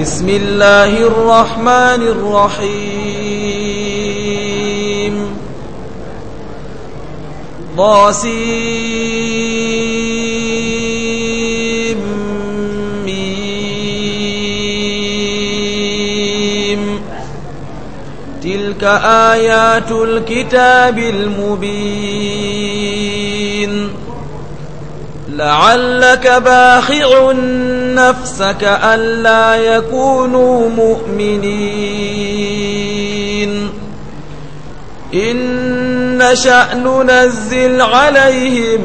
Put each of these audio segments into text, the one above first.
بسم الله الرحمن الرحيم ضاسيم ميم تلك آيات الكتاب المبين لعلك باخع نفسك ألا يكونوا مؤمنين إن شأن ننزل عليهم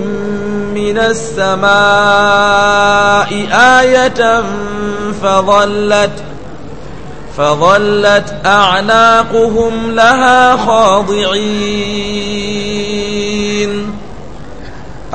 من السماء آية فظلت فظلت أعناقهم لها خاضعين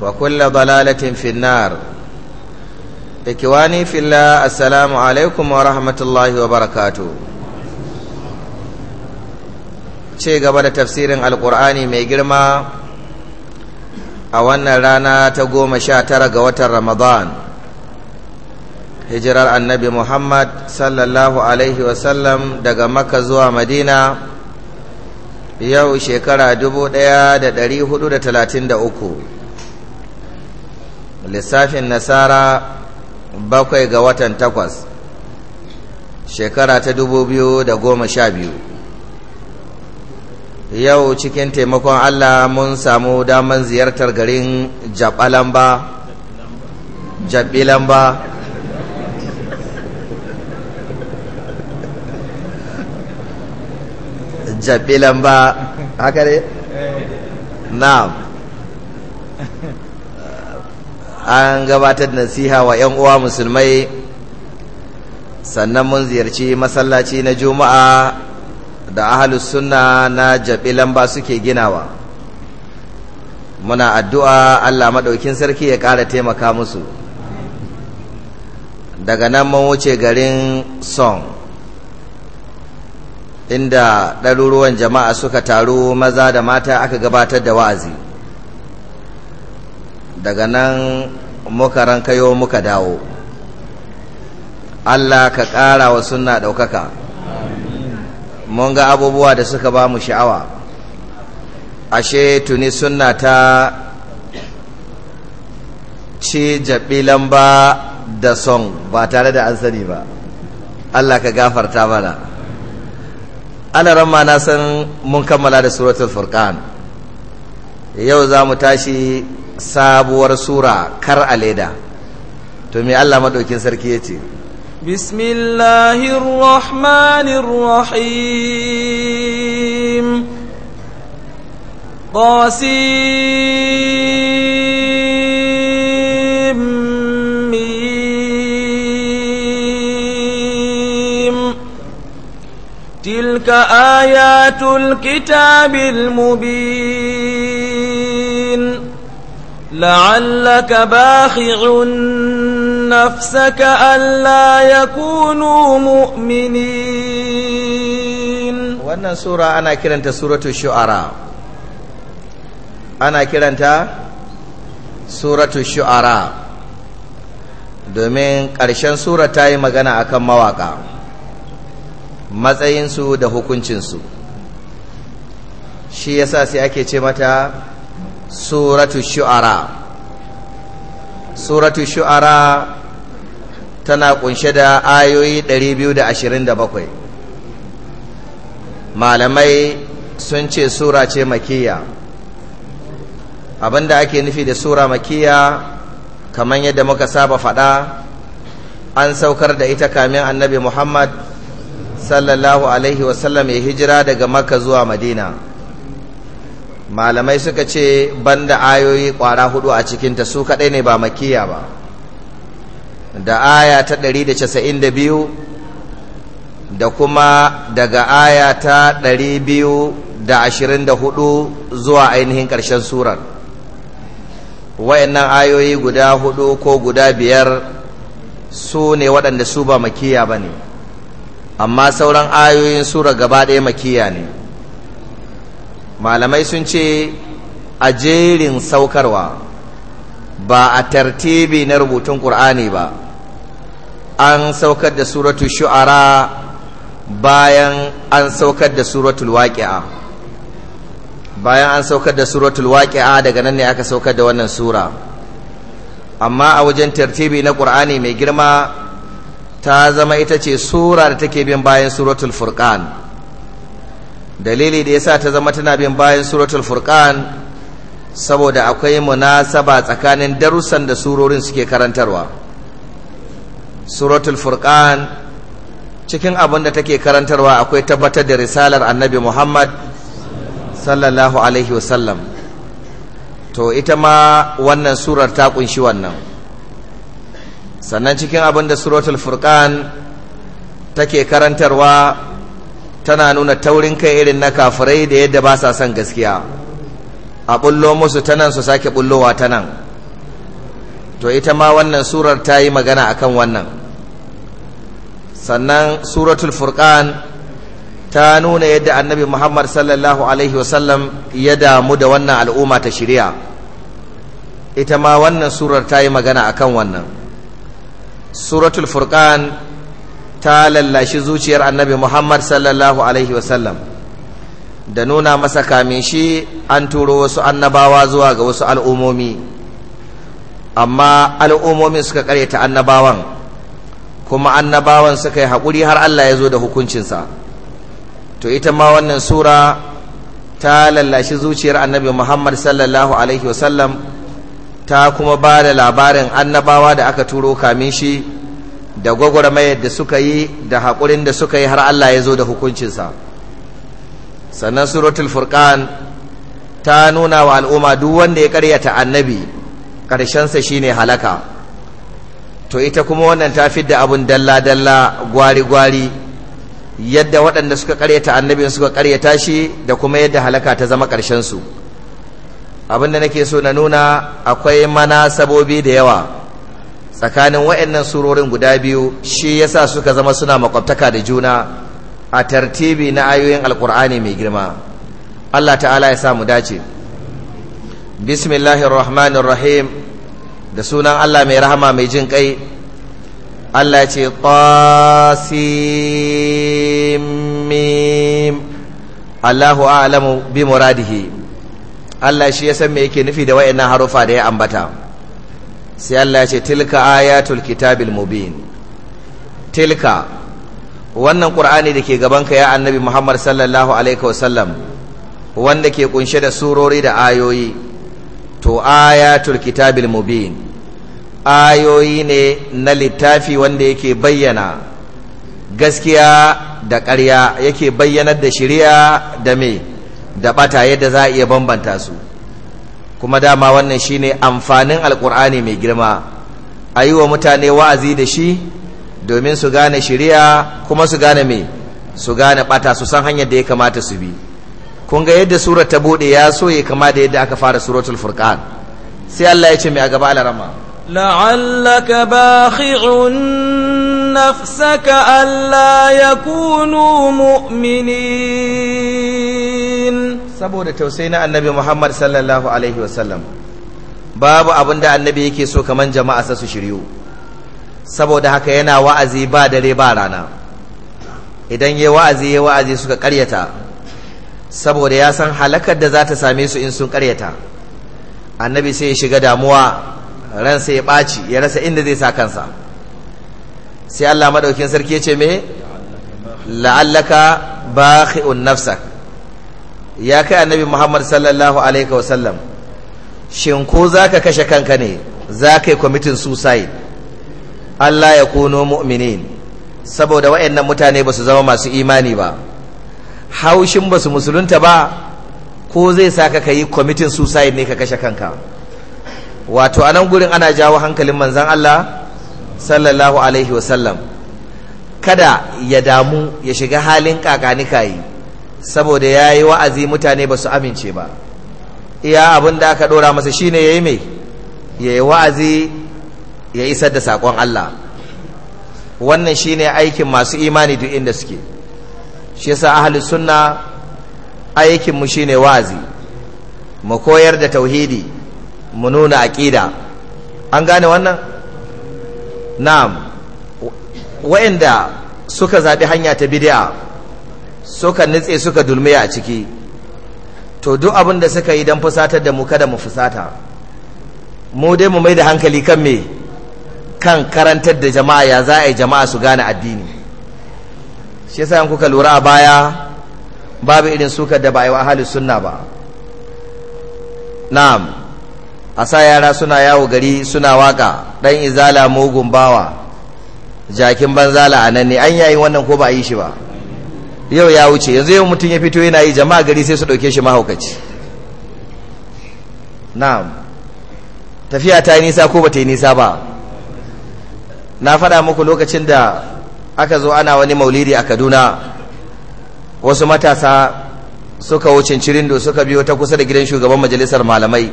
wa kulla balalatin finnar ikiwani filla assalamu alaikum wa rahmatullahi wa barakatu ce gaba da tafsirin alkur'ani mai girma a wannan rana ta goma sha tara ga watan ramadan hijirar annabi muhammad sallallahu daga maka zuwa madina yau shekara dubu ɗaya da ɗari huɗu da talatin da uku lissafin nasara bakwai ga watan takwas shekara ta dubu biyu da goma sha biyu yau cikin taimakon allah mun samu damar ziyartar garin jabalamba jabilamba jabilamba haka ne na'am an gabatar da nasiha wa 'yan uwa musulmai sannan mun ziyarci masallaci na juma'a da ahalus sunna na jabi lamba suke ginawa muna addu'a allah maɗaukin sarki ya ƙara taimaka musu daga nan mun wuce garin song inda ɗaruruwan jama'a suka taru maza da mata aka gabatar da wa'azi daga nan muka rankayo muka dawo Allah ka ƙara wa suna ɗaukaka mun ga abubuwa da suka ba mu sha'awa ashe tuni sunna ta ci jaɓi lamba da son ba tare da an sani ba Allah ka gafarta mana alaramma na san mun kammala da suratul furqan yau za mu tashi sabuwar sura kar a leda to me Allah madaukin sarki yace ce bismillahirrahmanirrahim rahim تلك آيات الكتاب المبين لعلك باخع نفسك ألا يكونوا مؤمنين wannan sura ana kiranta suratul shu'ara ana kiranta suratul shu'ara domin ƙarshen sura ta yi magana akan mawaƙa matsayinsu da hukuncinsu shi yasa sai ake ce mata suratu shu'ara suratu shu'ara tana kunshe da ayoyi 227 malamai sun ce sura ce makiya abinda ake nufi da sura makiya kamar yadda muka saba fada an saukar da ita kamin annabi muhammad sallallahu alaihi wasallam ya hijira daga makka zuwa madina malamai suka ce banda ayoyi kwara hudu a cikinta su kaɗai ne ba makiya ba da aya ta 192 da kuma daga aya ta 224 zuwa ainihin ƙarshen surar wayannan ayoyi guda hudu ko guda biyar su ne waɗanda su ba makiya ba ne amma sauran ayoyin sura gaba ɗaya makiya ne malamai sun ce a jerin saukarwa ba a tartibi na rubutun ƙur'ani ba an saukar da suratul shu'ara bayan an saukar da suratul waƙi'a bayan an saukar da suratul waƙi'a daga nan ne aka saukar da wannan sura amma a wajen tartibi na ƙur'ani mai girma ta zama ita ce sura da take bin bayan suratul furqan dalili da yasa ta zama tana bin bayan suratul furqan saboda akwai munasaba tsakanin darussan da surorin suke karantarwa suratul furqan cikin abin da take karantarwa akwai tabbatar da risalar annabi muhammad sallallahu alaihi wasallam to ita ma wannan surar ta kunshi wannan sannan cikin abin da suratul furqan take karantarwa tana nuna taurin kai irin na kafirai da yadda ba sa son gaskiya a bullo musu ta nan su sake bullowa ta nan to ita ma wannan surar ta yi magana akan wannan sannan suratul furqan ta nuna yadda annabi muhammad sallallahu alaihi wasallam ya damu da wannan al'umma ta shirya ita ma wannan surar ta yi magana akan wannan suratul furqan ta lallashi zuciyar annabi muhammad sallallahu alaihi wasallam da nuna masa kamin shi an turo wasu annabawa zuwa ga wasu al'umomi amma al'umomi suka karyata annabawan kuma annabawan suka yi haƙuri har allah ya zo da hukuncinsa to ita ma wannan sura ta lallashi zuciyar annabi muhammad sallallahu alaihi wasallam ta kuma ba da labarin annabawa da aka turo kamin shi da gwagwarmayar da suka yi da haƙurin da suka yi har Allah ya zo da hukuncinsa sannan suratul furqan ta nuna wa al'umma duk wanda ya karyata annabi ƙarshensa shine halaka to ita kuma wannan ta da abun dalla-dalla gwari-gwari yadda waɗanda suka karyata annabi suka karyata shi da kuma yadda halaka ta zama ƙarshensu da nake so na nuna akwai manasabobi da yawa tsakanin wa'annan surorin guda biyu shi yasa suka zama suna makwabtaka da juna a tartibi na ayoyin alkur'ani mai girma Allah ta'ala ya samu dace bismillahir rahmanir rahim da sunan Allah mai rahama mai jin kai Allah ce qasimim Allahu a'lamu bi muradihi Allah shi ya san me yake nufi da wa'annan harufa da ya ambata sai Allah ya ce tilka ayatul kitabil mubin tilka wannan qur'ani da ke gabanka ya annabi Muhammad sallallahu alaihi wasallam wanda ke kunshe da surori da ayoyi to ayatul kitabil mubin ayoyi ne na littafi wanda yake bayyana gaskiya da ƙarya yake bayyanar da shari'a da me da bata yadda za a iya bambanta su kuma dama wannan shine amfanin alkur'ani mai girma a yi wa mutane wa'azi da shi domin su gane shiriya kuma su gane mai su gane bata su san hanyar da ya kamata su bi kun ga yadda surar ta bude ya so ya kama da yadda aka fara suratul furqan sai Allah ya ce mai a gaba alarama la'allaka باخع نفسك ألا يكونوا مؤمنين saboda tausayi na annabi Muhammad sallallahu alaihi wasallam babu abin da annabi yake so kaman jama'a sa su shiryu saboda haka yana wa'azi ba dare ba rana idan yayi wa'azi yayi wa'azi suka karyata saboda ya san halakar da za ta same su in sun karyata annabi sai ya shiga damuwa ran sai ya ɓaci ya rasa inda zai sa kansa sai Allah madaukin sarki ya ce me la'allaka bakhi'un nafsak ya kai annabi muhammad sallallahu alaihi wasallam shin ko za ka kashe kanka ne za ka yi kwamitin suicide allah ya kuno mu'minin saboda waɗannan mutane ba su zama masu imani ba haushin ba su musulunta ba ko zai sa ka yi kwamitin suicide ne ka kashe kanka wato a nan gurin ana jawo hankalin manzan allah sallallahu alaihi wasallam kada ya damu ya shiga halin kakanikayi yi saboda ya yi wa'azi mutane ba su amince ba iya abin da aka ɗora masa shine ya yi mai ya yi wa'azi ya isar da saƙon Allah wannan shine aikin masu imani duk inda suke shi yasa ahli sunna aikinmu shine wa'azi mu koyar da tauhidi mu nuna aƙida an gane wannan na'am wa'inda suka zaɓi hanya ta bid'a suka nitse suka dulmiya a ciki to duk abin da suka yi don fusatar da mu kada mu fusata mu dai mu mai da hankali kan me kan karantar da jama'a ya za a yi jama'a su gane addini shi yasa kuka lura a baya babu irin suka da ba a yi wa ahalus sunna ba na'am a sa yara suna yawo gari suna waka dan izala mugun bawa jakin banzala a nan ne an yayi wannan ko ba a yi shi ba yau ya wuce yanzu yau mutum ya fito yana yi jama'a gari sai su dauke shi mahaukaci na tafiya ta yi nisa ko ba ta yi nisa ba na faɗa muku lokacin da aka zo ana wani maulidi a kaduna wasu matasa suka wuce cirindo suka biyo ta kusa da gidan shugaban majalisar malamai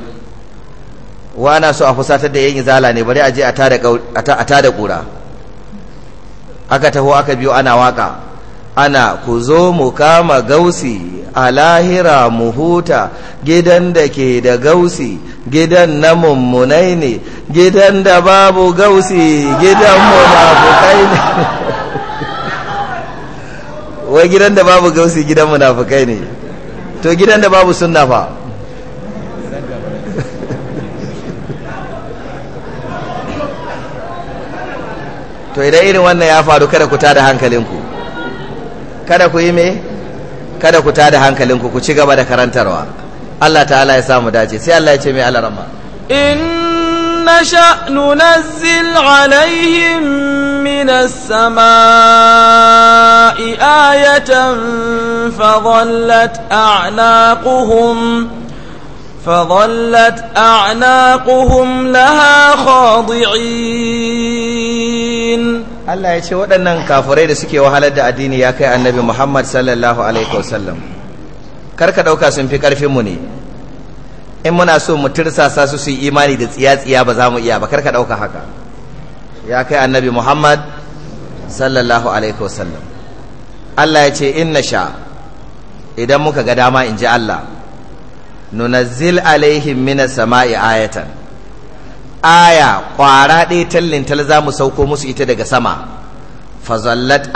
wa ana so a fusatar da yan izala ne bari a je a tada kura aka taho aka biyo ana waka ana ku zo mu kama gausi a lahira mu huta gidan da ke da gausi gidan na mummunai ne gidan da babu gausi gidan mu fukai ne wai gidan da babu gausi gidan mu fukai ne to gidan da babu sunna fa to idan irin wannan ya faru kada ku tada hankalinku kada ku yi me kada ku tada hankalinku ku ci gaba da karantarwa Allah ta'ala ya samu dace sai Allah ya ce mai alarama in nasha nunazzil alaihim minas sama'i ayatan fa dhallat a'naquhum فظلت أعناقهم لها خاضعين Allah ya ce waɗannan kafirai da suke wahalar da addini ya kai annabi Muhammad sallallahu alaihi wasallam karka ɗauka sun fi ƙarfinmu ne in muna so mu tirsasa su su yi imani da tsiya-tsiya ba za mu iya ba karka ɗauka haka ya kai annabi Muhammad sallallahu alaihi wasallam Allah ya ce inna sha idan muka ga dama in ji Allah nunazzil alaihim minas sama'i ayatan aya kwara ɗaya tallintal za mu sauko musu ita daga sama fazallat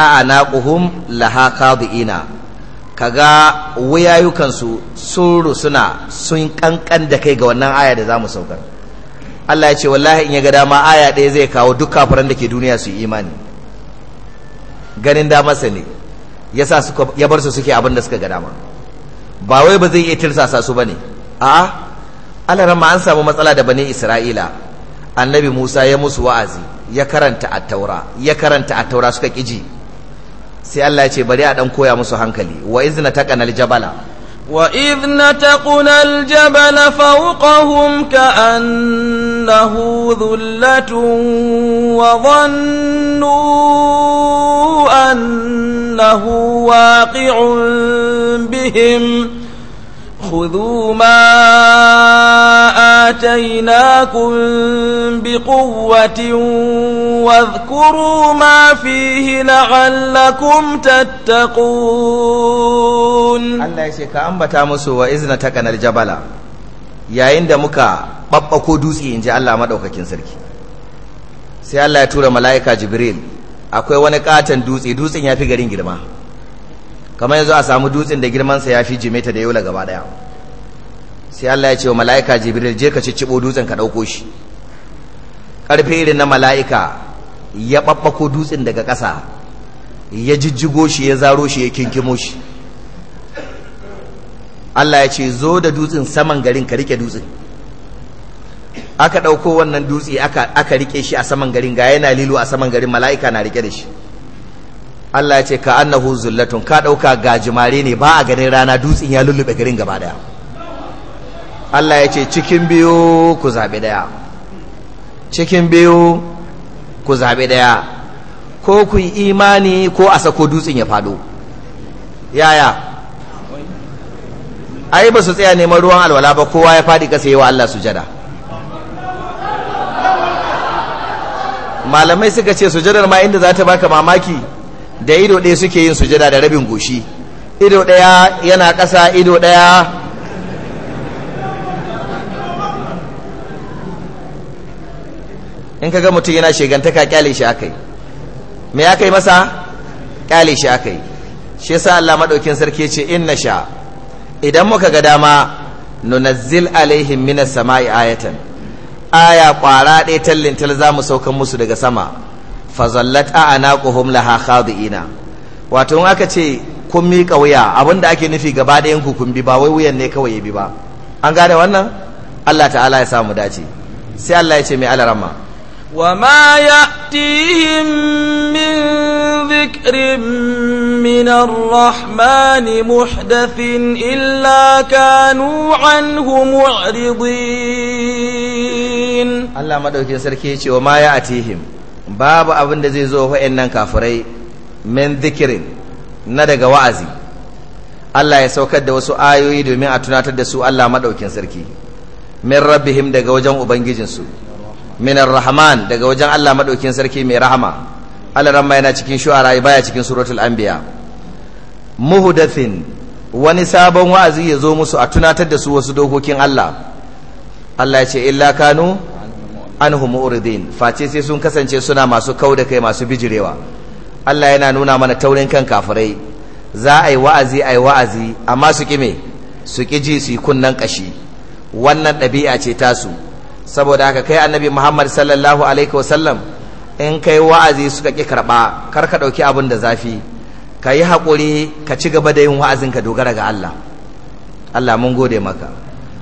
kuhum" laha Ka ga wuyayukansu sun rusuna sun kankan da kai ga wannan aya da za mu saukar Allah ya ce wallahi in ya ga dama aya ɗaya zai kawo duk kafiran da ke duniya su yi imani ganin damarsa ne sa suka ya bar su suke abin da suka ga dama ba wai ba zai iya tirsasa su bane a'a Allah ma an samu matsala da bani Isra'ila annabi Musa ya musu wa’azi ya karanta a taura suka ƙiji sai Allah ya ce bari a ɗan koya musu hankali wa izina ta jabala wa izina jabala fauƙahum ka annahu wa zannu annahu waƙi'un bihim خذوا ما آتيناكم بقوة واذكروا ما فيه لعلكم تتقون Allah ya ce ka ambata musu wa izna taqanal jabala yayin da muka babbako dutse ji Allah madaukakin sarki sai Allah ya tura mala'ika Jibril akwai wani katon dutse dutsen yafi garin girma kamar yanzu a samu dutsen da sa ya fi jimeta da yola gaba daya sai Allah ya ce wa mala'ika jibril je ka ciccibo dutsen ka dauko shi karfe irin na mala'ika ya babbako dutsen daga kasa ya jijjigo shi ya zaro shi ya kinkimo shi Allah ya ce zo da dutsen saman garin ka rike dutsen aka dauko wannan dutse aka rike shi a saman garin ga yana lilo a saman garin mala'ika na rike da shi Allah ya ce ka annahu zullatun ka dauka gajimare ne ba a ganin rana dutsen ya lullube garin gaba daya Allah ya ce cikin biyu ku zabi daya cikin biyu ku zabi daya ko ku yi imani ko a sako dutsen ya fado yaya ai ba su tsaya neman ruwan alwala ba kowa ya fadi kasa yi wa Allah sujada malamai suka ce sujadar ma inda za ta baka mamaki da ido ɗaya suke yin sujada da rabin goshi ido ɗaya yana ƙasa ido ɗaya in ka ga mutum yana shegantaka ƙyale shi aka yi me aka yi masa ƙyale shi aka yi shi sa Allah maɗaukin sarki ce in na sha idan muka ga dama nunazzil alaihim minas sama'i ayatan aya ƙwara ɗaya tallintal za mu saukan musu daga sama fazallat a'naquhum laha khadi'ina wato in aka ce kun miƙa wuya abinda ake nufi gaba da yanku kun bi ba wai wuyan ne kawai ya bi ba an gane wannan Allah ta'ala ya samu dace sai Allah ya ce mai alarama وما يأتيهم من rahman من illa محدث إلا كانوا Allah معرضين sarki ما ce سركي وما يأتيهم babu abin da zai zo nan kafirai min zikirin na daga wa'azi Allah ya saukar da wasu ayoyi domin a tunatar da su Allah maɗaukin sarki min rabbihim daga wajen ubangijinsu min rahman daga wajen Allah maɗaukin sarki mai rahama Allah ramma yana cikin shu'ara baya cikin suratul anbiya muhdathin wani sabon wa'azi ya zo musu a tunatar da su wasu dokokin Allah Allah ya ce illa kanu anhu mu'ridin face sai sun kasance suna masu kau da kai masu bijirewa Allah yana nuna mana taurin kan kafirai za a yi wa'azi a yi wa'azi amma su kime su ki ji su kunnan kashi wannan ɗabi'a ce tasu saboda haka kai annabi Muhammad sallallahu alaihi wasallam in kai wa'azi suka ki karɓa kar ka ɗauki abin da zafi ka yi haƙuri ka ci gaba da yin wa'azin ka dogara ga Allah Allah mun gode maka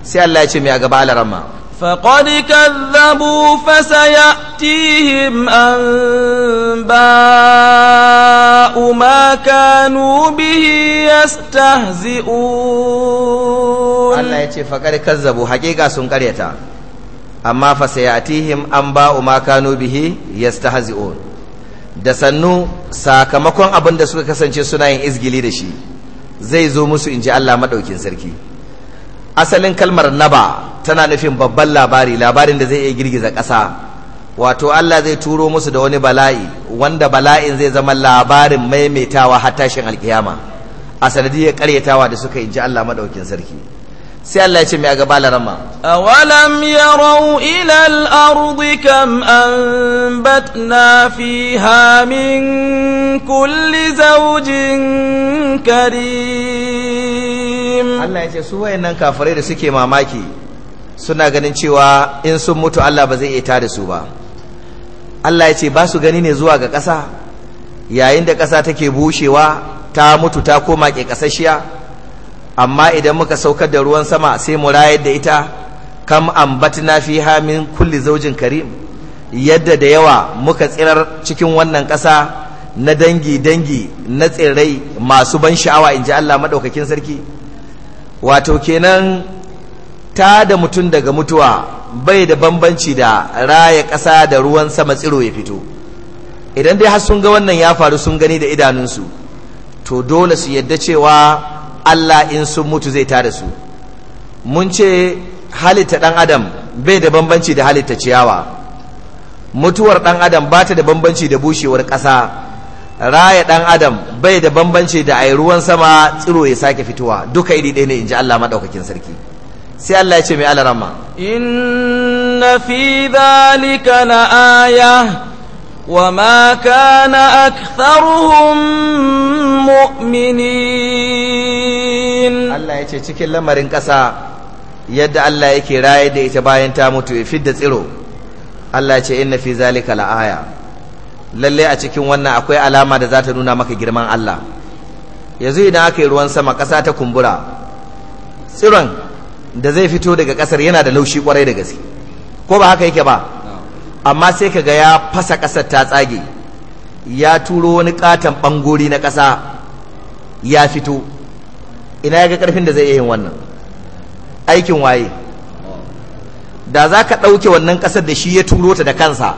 sai Allah ya ce mai a gaba alarama فقد كذبوا فسيأتيهم أنباء ما كانوا به يستهزئون الله يتي فقد كذبوا حقيقة سنكريتا أما فسيأتيهم أنباء ما كانوا به يستهزئون da sannu sakamakon abin da suka kasance suna yin izgili da shi zai zo musu in ji Allah maɗaukin sarki asalin kalmar naba tana nufin babban labari labarin da zai iya girgiza ƙasa wato Allah zai turo musu da wani bala'i wanda bala'in zai zama labarin maimaitawa har tashin alkiyama a sanadiyar karyatawa da suka inji Allah maɗaukin sarki sai Allah ya ce mai a gaba larama awalam yarau ila al-ardi kam anbatna fi hamin kulli zaujin karim Allah ya ce su nan kafarai da suke mamaki suna ganin cewa in sun mutu Allah ba zai iya da su ba Allah ya ce ba su gani ne zuwa ga ƙasa yayin da ƙasa take bushewa ta mutu ta koma ke ƙasashiya amma idan muka saukar da ruwan sama sai mu rayar da ita kam ambatna fi min kulli zaujin karim yadda da yawa muka tsirar cikin wannan ƙasa na dangi dangi na tsirrai masu ban sha'awa inji Allah maɗaukakin sarki wato kenan ta da mutum daga mutuwa bai da bambanci da raya ƙasa da ruwan sama tsiro ya fito idan dai har sun ga wannan ya faru sun gani da idanunsu to dole su yadda cewa Allah in sun mutu zai tare su mun ce halitta ɗan adam bai da bambanci da halitta ciyawa mutuwar ɗan adam ba ta da bambanci da bushewar ƙasa raya ɗan adam bai da bambanci da ai ruwan sama tsiro ya sake fitowa duka iri ɗaya ne in ji Allah maɗaukakin sarki sai Allah ya ce mai alarama inna fi dhalika la aya وما كان أكثرهم مؤمنين الله يتي cikin lamarin ƙasa yadda Allah yake raye da ita bayan ta mutu ya fidda tsiro Allah ya ce fi zalika la'aya lalle a cikin wannan akwai alama da za ta nuna maka girman Allah yanzu idan aka yi ruwan sama ƙasa ta kumbura tsiron da zai fito daga ƙasar yana da laushi kwarai da gaske ko ba haka yake ba amma sai kaga ya fasa ƙasar ta tsage ya turo wani ƙaton ɓangori na ƙasa ya fito ina ya ga ƙarfin da zai iya wannan aikin waye da za ka ɗauke wannan ƙasar da shi ya turo ta da kansa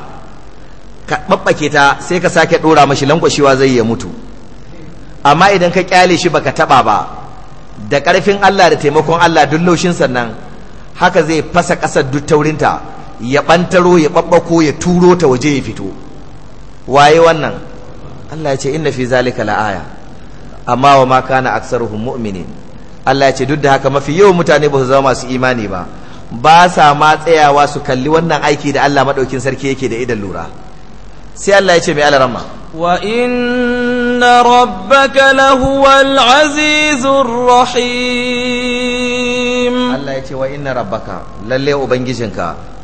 ka ɓaɓɓake ta sai ka sake ɗora mashi lankwashewa zai ya mutu amma idan ka ƙyale shi baka taɓa ba da ƙarfin Allah da taimakon Allah duk laushin sannan haka zai fasa ƙasar duk taurinta ya ɓantaro ya babbako ya turo ta waje ya fito waye wannan Allah ya ce inna fi zalika la'aya amma wa ma kana aksaruhum mu'minin Allah ya ce duk da haka mafi yawan mutane ba su zama masu imani ba ba sa ma tsayawa su kalli wannan aiki da Allah madaukin sarki yake da idan lura sai Allah ya ce mai alarama wa inna rabbaka lahuwal azizur rahim Allah ya ce wa inna rabbaka lalle ubangijinka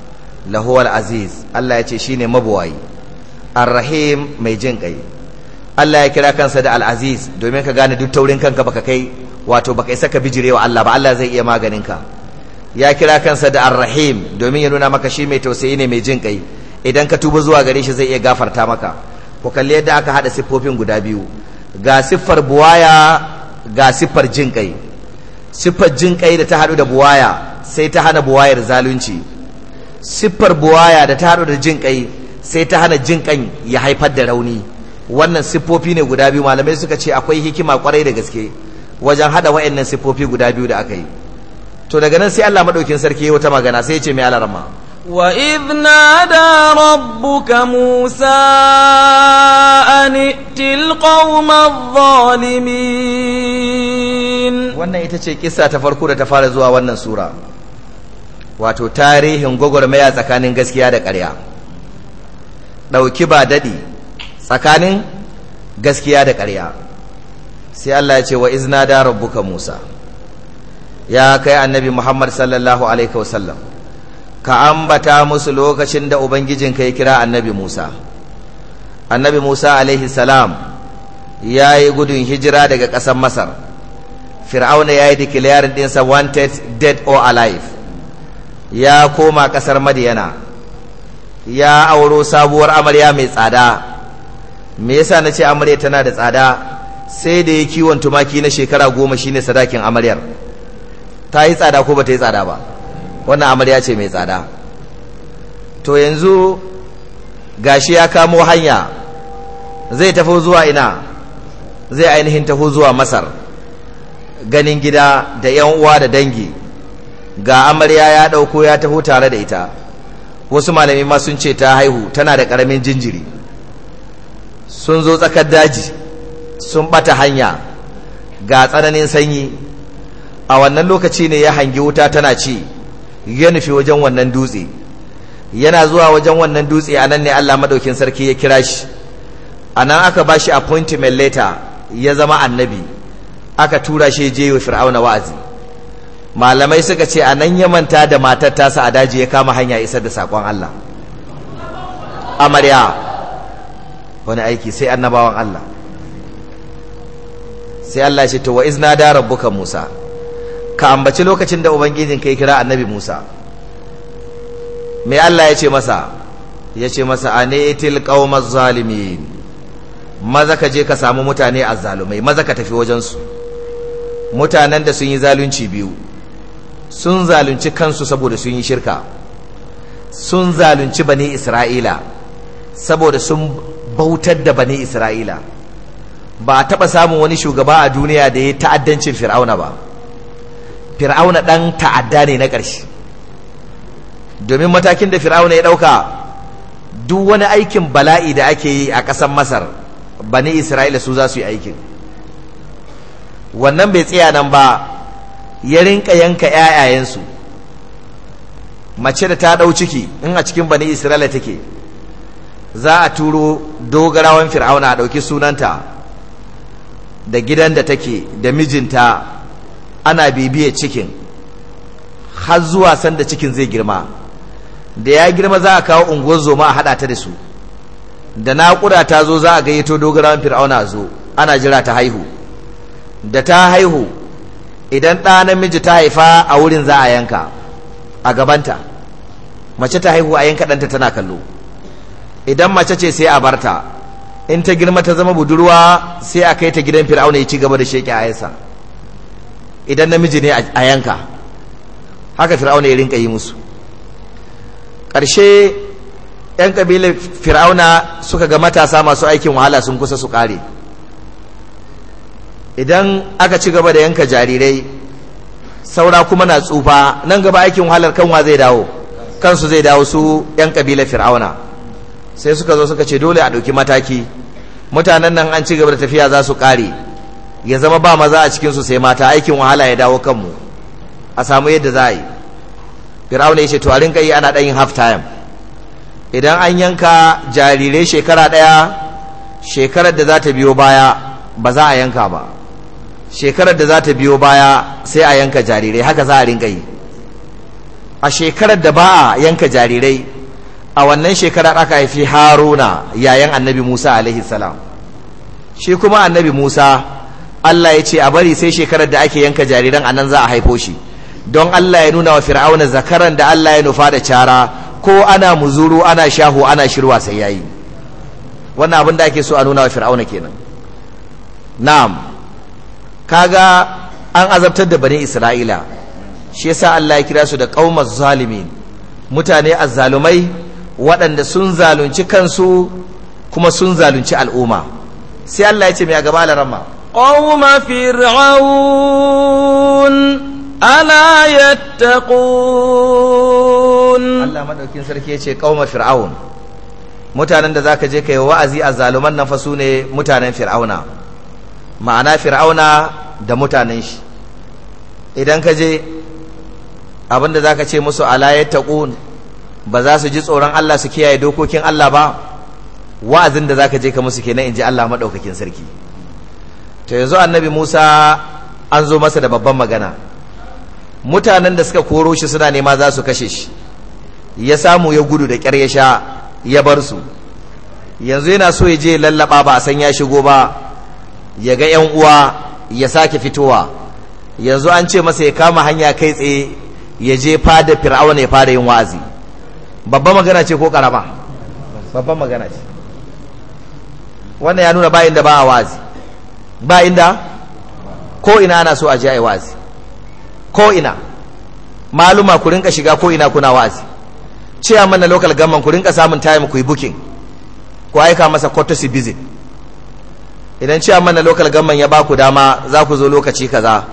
lahuwal aziz Allah ya ce shi ne mabuwayi arrahim mai jin ƙai Allah ya kira kansa da al'aziz domin ka gane duk taurin kanka baka kai wato baka isa ka bijire wa Allah ba Allah zai iya ka. ya kira kansa da arrahim domin ya nuna maka shi mai tausayi ne mai jin ƙai idan ka tuba zuwa gare shi zai iya gafarta maka ku kalli yadda aka haɗa siffofin guda biyu ga siffar buwaya ga siffar jin ƙai siffar jin da ta haɗu da buwaya sai ta hana buwayar zalunci siffar buwaya da ta da jin kai sai ta hana jin kan ya haifar da rauni wannan siffofi ne guda biyu malamai suka ce akwai hikima kwarai da gaske wajen hada wayannan siffofi guda biyu da aka yi to daga nan sai Allah madaukin sarki ya wata magana sai ya ce mai alarma wa نادى ربك rabbuka musa an القوم zalimin wannan ita ce kissa ta farko da ta fara zuwa wannan sura wato tarihin gwagwarmaya tsakanin gaskiya da ƙarya ɗauki ba daɗi tsakanin gaskiya da ƙarya sai Allah ya ce wa izina da rabbuka Musa ya kai annabi Muhammad sallallahu alaihi wasallam ka ambata musu lokacin da ubangijinka ya kira annabi Musa annabi Musa alaihi salam ya yi gudun hijira daga ƙasar Masar fir'auna ya yi declaring ɗinsa wanted dead or alive ya koma ƙasar madiyana ya auro sabuwar amarya mai tsada me yasa na ce amarya tana da tsada sai da ya kiwon tumaki na shekara goma shine sadakin amaryar ta yi tsada ko ba ta yi tsada ba wannan amarya ce mai tsada to yanzu gashi ya kamo hanya zai tafi zuwa ina zai ainihin tafi zuwa masar ganin gida da 'yan uwa da dangi ga amarya ya ɗauko ya taho tare da ita wasu malami ma sun ce ta haihu tana da ƙaramin jinjiri sun zo tsakar daji sun ɓata hanya ga tsananin sanyi a wannan lokaci ne ya hangi wuta tana ce ya nufi wajen wannan dutse yana zuwa wajen wannan dutse a nan ne allah maɗaukin sarki ya kira shi a nan aka ba shi appointment letter ya zama annabi aka tura shi je wa fir'auna wa'azi malamai suka ce a nan ya manta da matar tasa a daji ya kama hanya isar da sakon Allah amarya wani aiki sai annabawan Allah sai Allah shi to wa izna da rabbuka Musa ka ambaci lokacin da ubangijin kai kira annabi Musa me Allah ya ce masa ya ce masa anetil qaumaz zalimin maza ka je ka samu mutane a zalumai, maza ka tafi wajensu mutanen da sun yi zalunci biyu sun zalunci kansu saboda sun yi shirka sun zalunci bani isra'ila saboda sun bautar da bani isra'ila ba a taɓa samun wani shugaba a duniya da ya ta'addancin fir'auna ba fir'auna ɗan ta'adda ne na ƙarshe domin matakin da fir'auna ya ɗauka duk wani aikin bala'i da ake yi a ƙasar masar bani isra'ila su za su yi aikin wannan bai tsaya nan ba ya rinka yanka ‘ya'yayensu mace da ta ɗau ciki in a cikin bani isra'ila take za a turo dogarawan fir'auna a ɗauki sunanta da gidan da take da mijinta ana bibiye cikin har zuwa sanda cikin zai girma da ya girma za a kawo unguwar zoma a haɗa ta da su da naƙuda ta zo za a gayyato dogarawan fir'auna zo ana jira ta haihu da ta haihu idan ɗa namiji ta haifa a wurin za a yanka a gabanta mace ta haihu a yanka ɗanta tana kallo idan mace ce sai a barta in ta girma ta zama budurwa sai a kai ta gidan fir'auna ya ci gaba da sheƙi a yasa idan namiji ne a yanka haka fir'auna ya rinka yi musu ƙarshe 'yan ƙabilar fir'auna suka ga matasa masu aikin wahala sun kusa su ƙare idan aka ci gaba da yanka jarirai saura kuma na tsufa nan gaba aikin wahalar kanwa zai dawo kansu zai dawo su 'yan kabila fir'auna sai suka zo suka ce dole a ɗauki mataki mutanen nan an ci gaba da tafiya za su ƙare ya zama ba maza a cikinsu sai mata aikin wahala ya dawo kanmu a samu yadda za a yi fir'auna ya ce tuwarin a yi ana ɗayin half time idan an yanka jarirai shekara ɗaya shekarar da za ta biyo baya ba za a yanka ba shekarar da za ta biyo baya sai a yanka jarirai haka za a ringa yi a shekarar da ba a yanka jarirai a wannan shekarar aka haifi haruna yayan annabi musa alaihi salam shi kuma annabi musa allah ya ce a bari sai shekarar da ake yanka jariran a nan za a haifo shi don allah ya nuna wa fir'auna zakaran da allah ya nufa da cara ko ana muzuru ana shahu ana shirwa sai yayi wannan abin da ake so a nuna wa fir'auna kenan na'am kaga an azabtar da bani isra'ila shi yasa Allah ya kira su da qaumaz zalimin mutane azzalumai waɗanda sun zalunci kansu kuma sun zalunci al'umma sai Allah ya ce mai a gaba larama qauma fir'aun ala yattaqun Allah madaukin sarki ce kauma fir'aun mutanen da zaka je kai wa'azi a zaluman nan fa sune mutanen fir'auna ma'ana fir'auna da mutanen shi idan ka je abinda za ka ce musu alayar taƙun ba za su ji tsoron Allah su kiyaye dokokin Allah ba wa'azin da za ka je ka musu kenan in ji Allah maɗaukakin sarki ta yanzu annabi musa an zo masa da babban magana mutanen da suka koro shi suna nema za su kashe shi ya samu ya gudu da ƙyar ya sha ya bar su yanzu yana so ya je lallaɓa ba a san ya shigo ba ya ga 'yan uwa ya sake fitowa yanzu an ce masa ya kama hanya kai tsaye ya je fada fir'auna ya fara yin wa'azi babban magana ce ko karama babban magana ce wannan ya nuna bayan da ba a wa'azi ba inda ko ina ana so a ji a yi wa'azi ko ina maluma ku rinka shiga ko ina kuna wa'azi ce mana local government ku rinka samun time ku yi booking ku aika masa courtesy visit idan ciya mana local government ya ba ku dama za ku zo lokaci kaza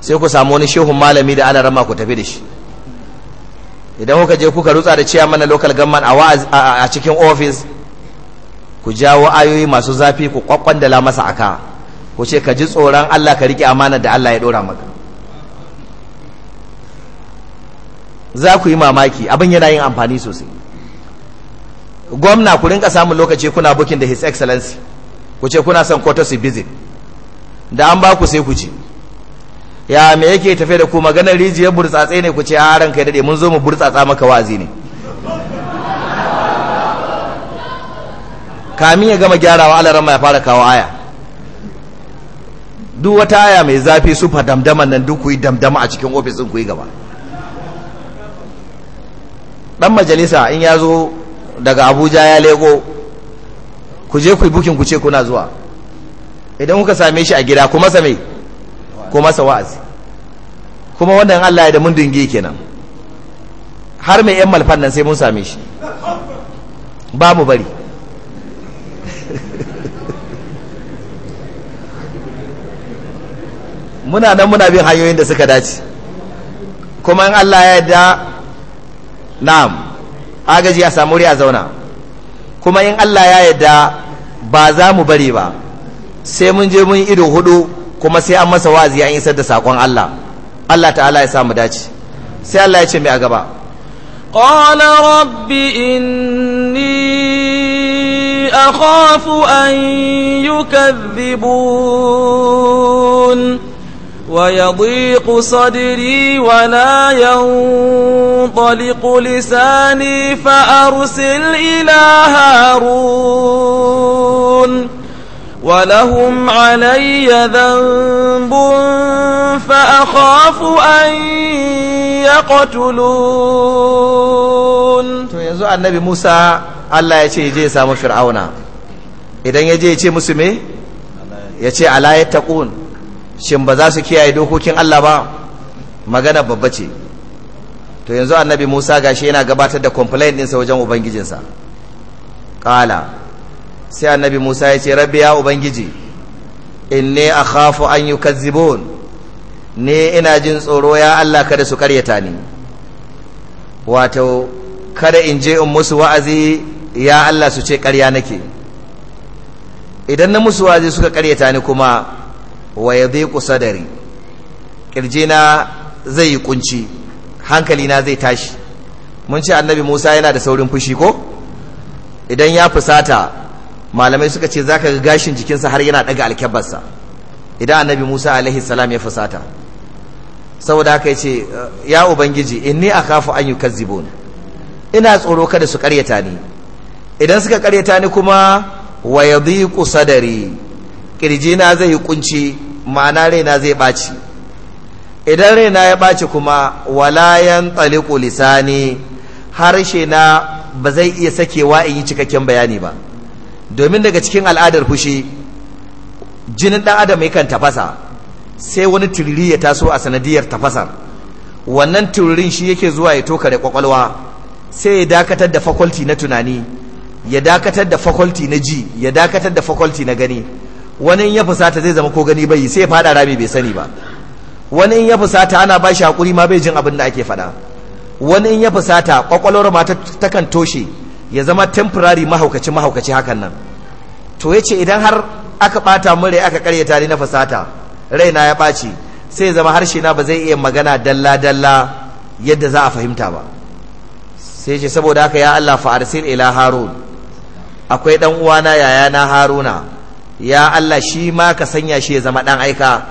sai ku samu wani shehun malami da rama ku tafi da shi idan kuka je kuka rutsa da ciya mana local government a cikin office ku jawo ayoyi masu zafi ku kwakwandala masa aka ku ce ka ji tsoron Allah ka riƙe amanar da Allah ya ɗora maka za ku yi mamaki abin yana yin amfani sosai gwamna ku rinka samun lokaci kuna bukin da his excellency ku ce kuna son su bizin da an ba ku sai ku ci ya me yake tafe da ku maganar rijiyar burtsatse ne ku ce a ranka ya dade mun zo mu burtsatsa maka wazi ne kamin ya gama gyarawa alaran ya fara kawo aya duk wata aya mai zafi su fa damdaman nan duk ku yi damdama a cikin ofis ku yi gaba dan majalisa in ya zo daga abuja ya leko ku je ku yi bukin ku ce kuna zuwa idan kuka same shi a gida ku masa mai ku masa wa'azi kuma wannan Allah ya da mun dinge kenan har mai yan malfan nan sai mun same shi ba mu bari muna nan muna bin hanyoyin da suka dace kuma in Allah ya da na'am agaji a samu a zauna kuma in Allah ya yarda ba za mu bari ba sai mun je mun ido hudu kuma sai an masa wa'azi an isar da sakon Allah Allah ta'ala ya samu dace sai Allah ya ce mai a gaba qala rabbi inni akhafu an yukazzibun ويضيق صدري ولا ينطلق لساني فأرسل إلى هارون ولهم علي ذنب فأخاف أن يقتلون to yanzu annabi Musa Allah ya ce je ya samu Fir'auna idan ya je ya ce musu me ya ce ala taƙun. shin ba za su kiyaye dokokin Allah ba magana babba ce to yanzu annabi Musa gashi yana gabatar da complaint ɗinsa wajen ubangijinsa ƙala sai annabi Musa ya ce rabbi ya ubangiji inni akhafu an yukazzibun ne ina jin tsoro ya Allah kada su karyata ni wato kada in je in musu wa'azi ya Allah su ce ƙarya nake idan na musu wa'azi suka karyata ni kuma wa ya yadhiqu sadari ƙirjina zai yi kunci na zai tashi mun ce annabi Musa yana da saurin fushi ko idan ya fusata malamai suka ce zaka ga gashin jikinsa har yana daga alkyabarsa idan annabi Musa alaihi salam ya fusata saboda haka ya ce ya ubangiji inni kafa an yukazzibun ina tsoro kada su karyata ni idan suka karyata ni kuma wa da sadari na zai yi kunci ma'ana raina zai ɓaci idan raina ya ɓaci kuma walayan taliku lisani harshe na ba zai iya sakewa in yi cikakken bayani ba domin daga cikin al'adar fushi jinin ɗan adam yakan tafasa sai wani turiri ya taso a sanadiyar tafasar wannan turirin shi yake zuwa ya toka da kwakwalwa sai ya dakatar da faculty na tunani ya dakatar da faculty na ji ya dakatar da faculty na gani wani ya fusata zai zama ko gani bai sai fada rami bai sani ba wani in ya fusata ana ba shi hakuri ma bai jin abin da ake faɗa wani in ya fusata kwakwalwar ma ta kan toshe ya zama temporary mahaukaci mahaukaci hakan nan to yace idan har aka ɓata mun rai aka karyata ni na fusata raina ya baci sai zama harshe na ba zai iya magana dalla dalla yadda za a fahimta ba sai ce saboda haka ya Allah fa arsil ila harun akwai dan uwana yayana haruna ya Allah shi ma ka sanya shi ya zama ɗan aika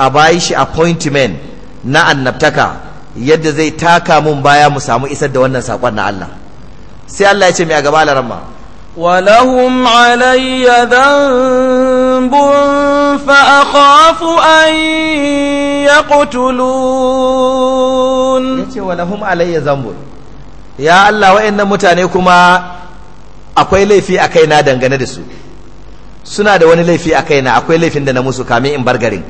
a bayi shi appointment na annabtaka yadda zai taka mun baya mu samu isar da wannan saƙon na Allah sai Allah ya ce mai a gaba fa ولهم علي ذنب فأخاف أن يقتلون يتي ولهم علي ذنب يا الله وإن متانيكما أقول a في أكينا دنغنا دسو suna da wani laifi a kaina akwai laifin da na musu kame in bar garin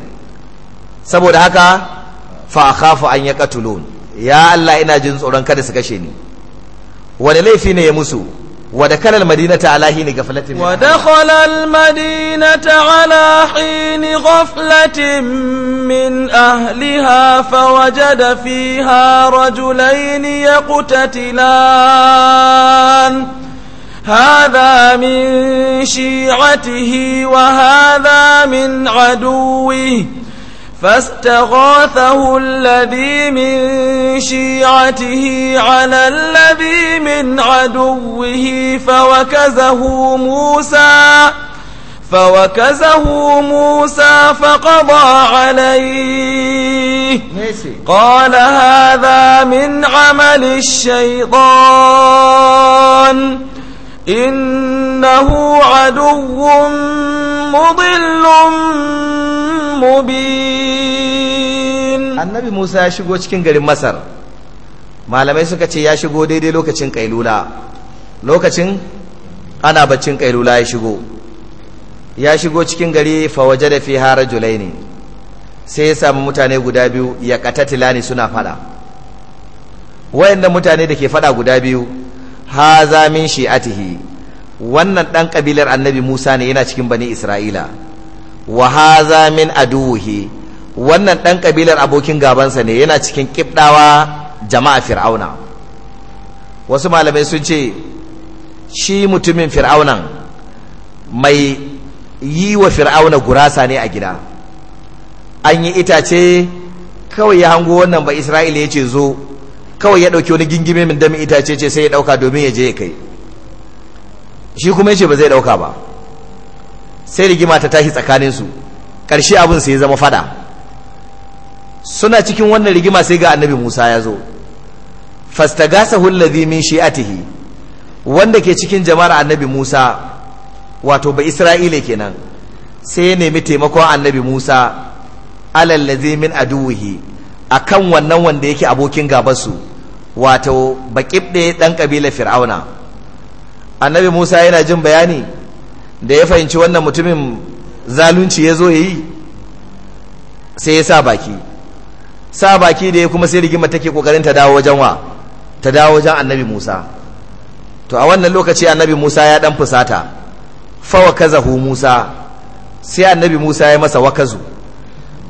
saboda haka fa akhafu an ya yaqtulun ya Allah ina jin tsoron kada su kashe ni wani laifi ne ya musu ودخل المدينة على حين غفلة ودخل المدينة على حين غفلة من أهلها فوجد فيها رجلين يقتتلان هذا من شيعته وهذا من عدوه فاستغاثه الذي من شيعته على الذي من عدوه فوكزه موسى فوكزه موسى فقضى عليه قال هذا من عمل الشيطان إنه عدو مضل مبين annabi Musa ya shigo cikin garin Masar malamai suka ce ya shigo daidai lokacin kailula lokacin ana baccin kailula ya shigo ya shigo cikin gari fawaje da fi Julai ne sai ya samu mutane guda biyu ya katatilani suna fada wayanda mutane da ke fada guda biyu haza min shi'atihi wannan dan kabilar annabi Musa ne yana cikin bani Isra'ila wa haza min aduhi wannan dan kabilar abokin gabansa ne yana cikin kibdawa jama'a fir'auna wasu malamai sun ce shi mutumin fir'auna mai yi wa fir'auna gurasa ne a gida an yi itace kawai ya hango wannan ba isra'ila ya ce zo kawai ya dauki wani gingime min dami itace ce sai ya dauka domin ya je ya kai shi kuma yace ba zai dauka ba sai rigima ta tashi tsakanin su karshe abin sai ya zama fada suna cikin wannan rigima sai ga annabi Musa ya zo fastagasahu alladhi min shi'atihi wanda ke cikin jama'ar annabi Musa wato ba Isra'ila kenan sai ya nemi taimakon annabi Musa ladhi min aduwihi akan wannan wanda yake abokin su. wato baƙib ɗaya ɗan ƙabilar fir'auna annabi musa yana jin bayani da ya fahimci wannan mutumin zalunci ya zo ya yi sai ya sa baki sa baki da ya kuma sai rigima take kokarin ta dawo wajen wa ta dawo wajen annabi musa to a wannan lokaci annabi musa ya dan fusata fawa hu musa sai annabi musa ya masa wakazu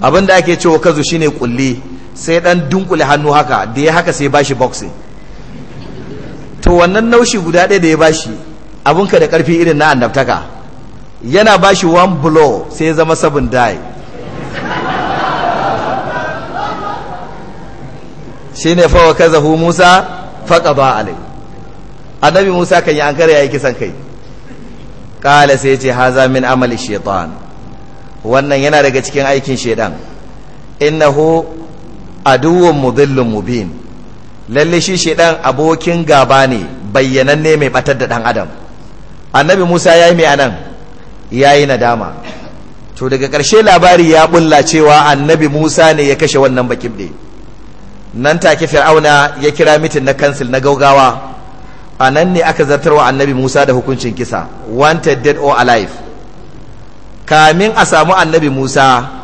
abinda ake ce wakazu shine ƙulli sai dan dunkule hannu haka da ya haka sai ba shi boxing to wannan naushi guda ɗaya da ya bashi abinka da ƙarfi irin na annabtaka yana ba shi one blow sai ya zama sabon die shi ne fawa kaza hu musa faƙa ba alai annabi musa kan yi an kare ya yi kisan kai ƙala sai ce haza min amali shaitan wannan yana daga cikin aikin shaidan innahu aduwan mudillin mubin lalle shi dan abokin gaba ne bayyananne mai batar da dan adam annabi Musa ya yi mai anan ya yayi nadama to daga ƙarshe labari ya bulla cewa annabi Musa ne ya kashe wannan bakin ɗin nan take fir'auna ya kira mitin na kansil na gaugawa a nan ne aka zartarwa annabi Musa da hukuncin kisa wanted dead or alive kamin a samu annabi Musa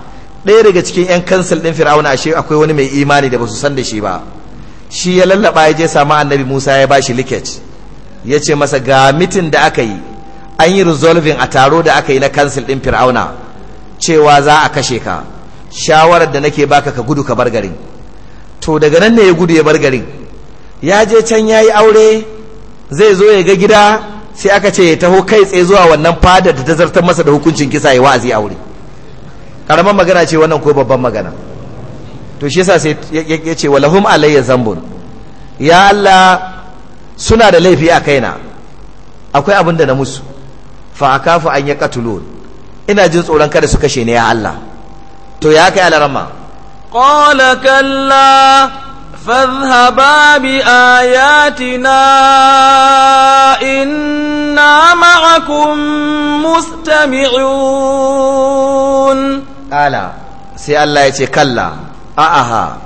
ɗaya daga cikin 'yan kansil ɗin fir'auna ashe akwai wani mai imani da ba su san da shi ba shi ya lallaba ya je samu annabi musa ya ba shi liket ya ce masa ga mitin da aka yi an yi resolving a taro da aka yi na kansil ɗin fir'auna cewa za a kashe ka shawarar da nake baka ka gudu ka bar garin to daga nan ne ya gudu ya bar garin ya je can ya yi aure zai zo ya ga gida sai aka ce ya taho kai tsaye zuwa wannan fadar da ta zartar masa da hukuncin kisa ya wa'azi aure karamar magana ce wannan ko babban magana to shi yasa sai ya ce walahum alayya zambun ya Allah suna da laifi a kaina akwai abin na musu fa akafu an yaqtulun ina jin tsoron kada su kashe ni ya Allah to ya kai alarama qala kalla bi ayatina inna ma'akum mustami'un ƙala sai Allah ya ce kalla a'aha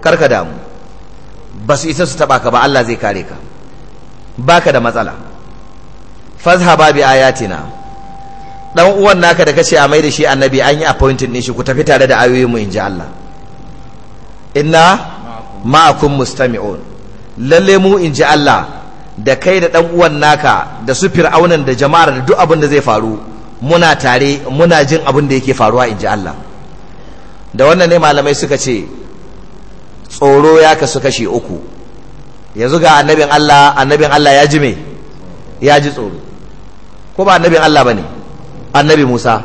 karka damu ba su isa su taɓa ka ba Allah zai kare ka baka da matsala fazhaba bi ayatina dan uwan naka da kace a mai da shi annabi an yi appointing ne shi ku tafi tare da ayoyin mu inji Allah inna ma'akum mustami'un lalle mu inji Allah da kai da dan uwan naka da su fir'aunan da jama'ar da duk abin da zai faru muna tare muna jin abin da yake faruwa in ji Allah da wannan ne malamai suka ce tsoro ya kasu kashe uku yanzu ga annabin Allah annabin Allah ya ji me ya ji tsoro ko ba annabin Allah ba ne annabi Musa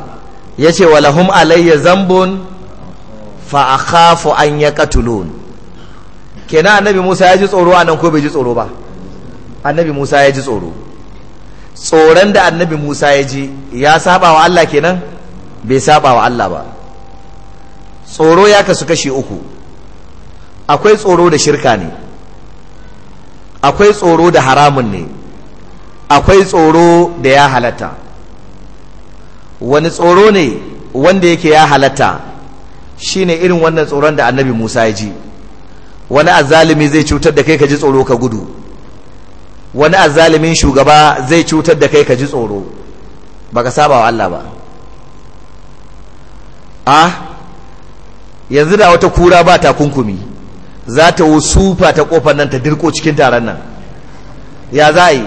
ya ce lahum alayya zambun fa akhafu an yaqtulun kenan annabi Musa ya ji tsoro anan ko bai ji tsoro ba annabi Musa ya ji tsoro tsoron da annabi Musa ya ji ya saba wa Allah kenan bai saba wa Allah ba tsoro ya kasu kashi uku akwai tsoro da shirka ne akwai tsoro da haramun ne akwai tsoro da ya halatta wani tsoro ne wanda yake ya halatta shine irin wannan tsoron da annabi Musa ya ji wani azalimi zai cutar da kai ka ji tsoro ka gudu wani azalimin shugaba zai cutar da kai ka ji tsoro baka saba wa Allah ba a yanzu da wata kura ba takunkumi za ta wusufa ta kofar nan ta dirko cikin taron nan ya za a yi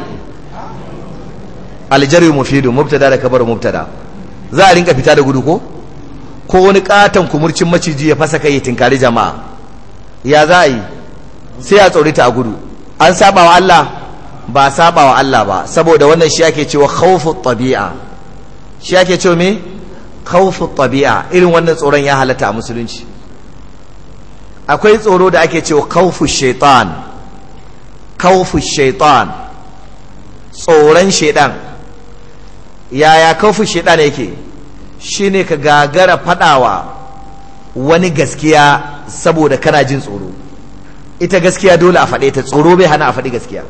aljari mufidu mubtada da kabar mubtada za a rinka fita da gudu ko ko wani katon kumurcin maciji ya fasa kai ya tinkari jama'a ya za a yi sai a tsorita a gudu an saba wa Allah ba saba wa Allah ba saboda wannan shi ake cewa khawfu tabi'a shi ake cewa me khawfu tabi'a irin wannan tsoron ya halatta a musulunci akwai tsoro da ake cewa khawfu shaitan khawfu shaitan tsoron shaitan yaya khawfu shaitan yake shine ka gagara fadawa wani gaskiya saboda kana jin tsoro ita gaskiya dole a faɗe ta tsoro bai hana a faɗi gaskiya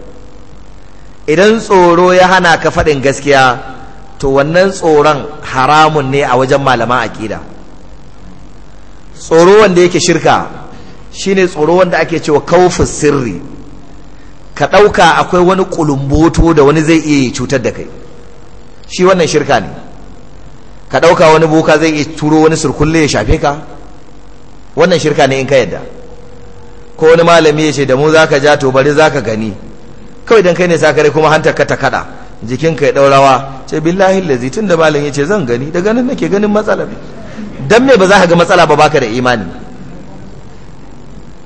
idan tsoro ya hana ka faɗin gaskiya to wannan tsoron haramun ne a wajen malaman aƙida tsoro wanda yake shirka shine tsoro wanda ake cewa kaufin sirri ka ɗauka akwai wani ƙulumboto da wani zai iya cutar da kai shi wannan shirka ne ka ɗauka wani boka zai iya turo wani surkulle ya shafe ka wannan shirka ne in ka yadda ko wani malami ya ce da mu za ka ja to bari za ka gani kawai don kai ne sakare kuma hantar ka ta kada jikinka ya daurawa ce billahi lazi tun da malam ya ce zan gani da ganin nake ganin matsala ne don me ba za ka ga matsala ba baka da imani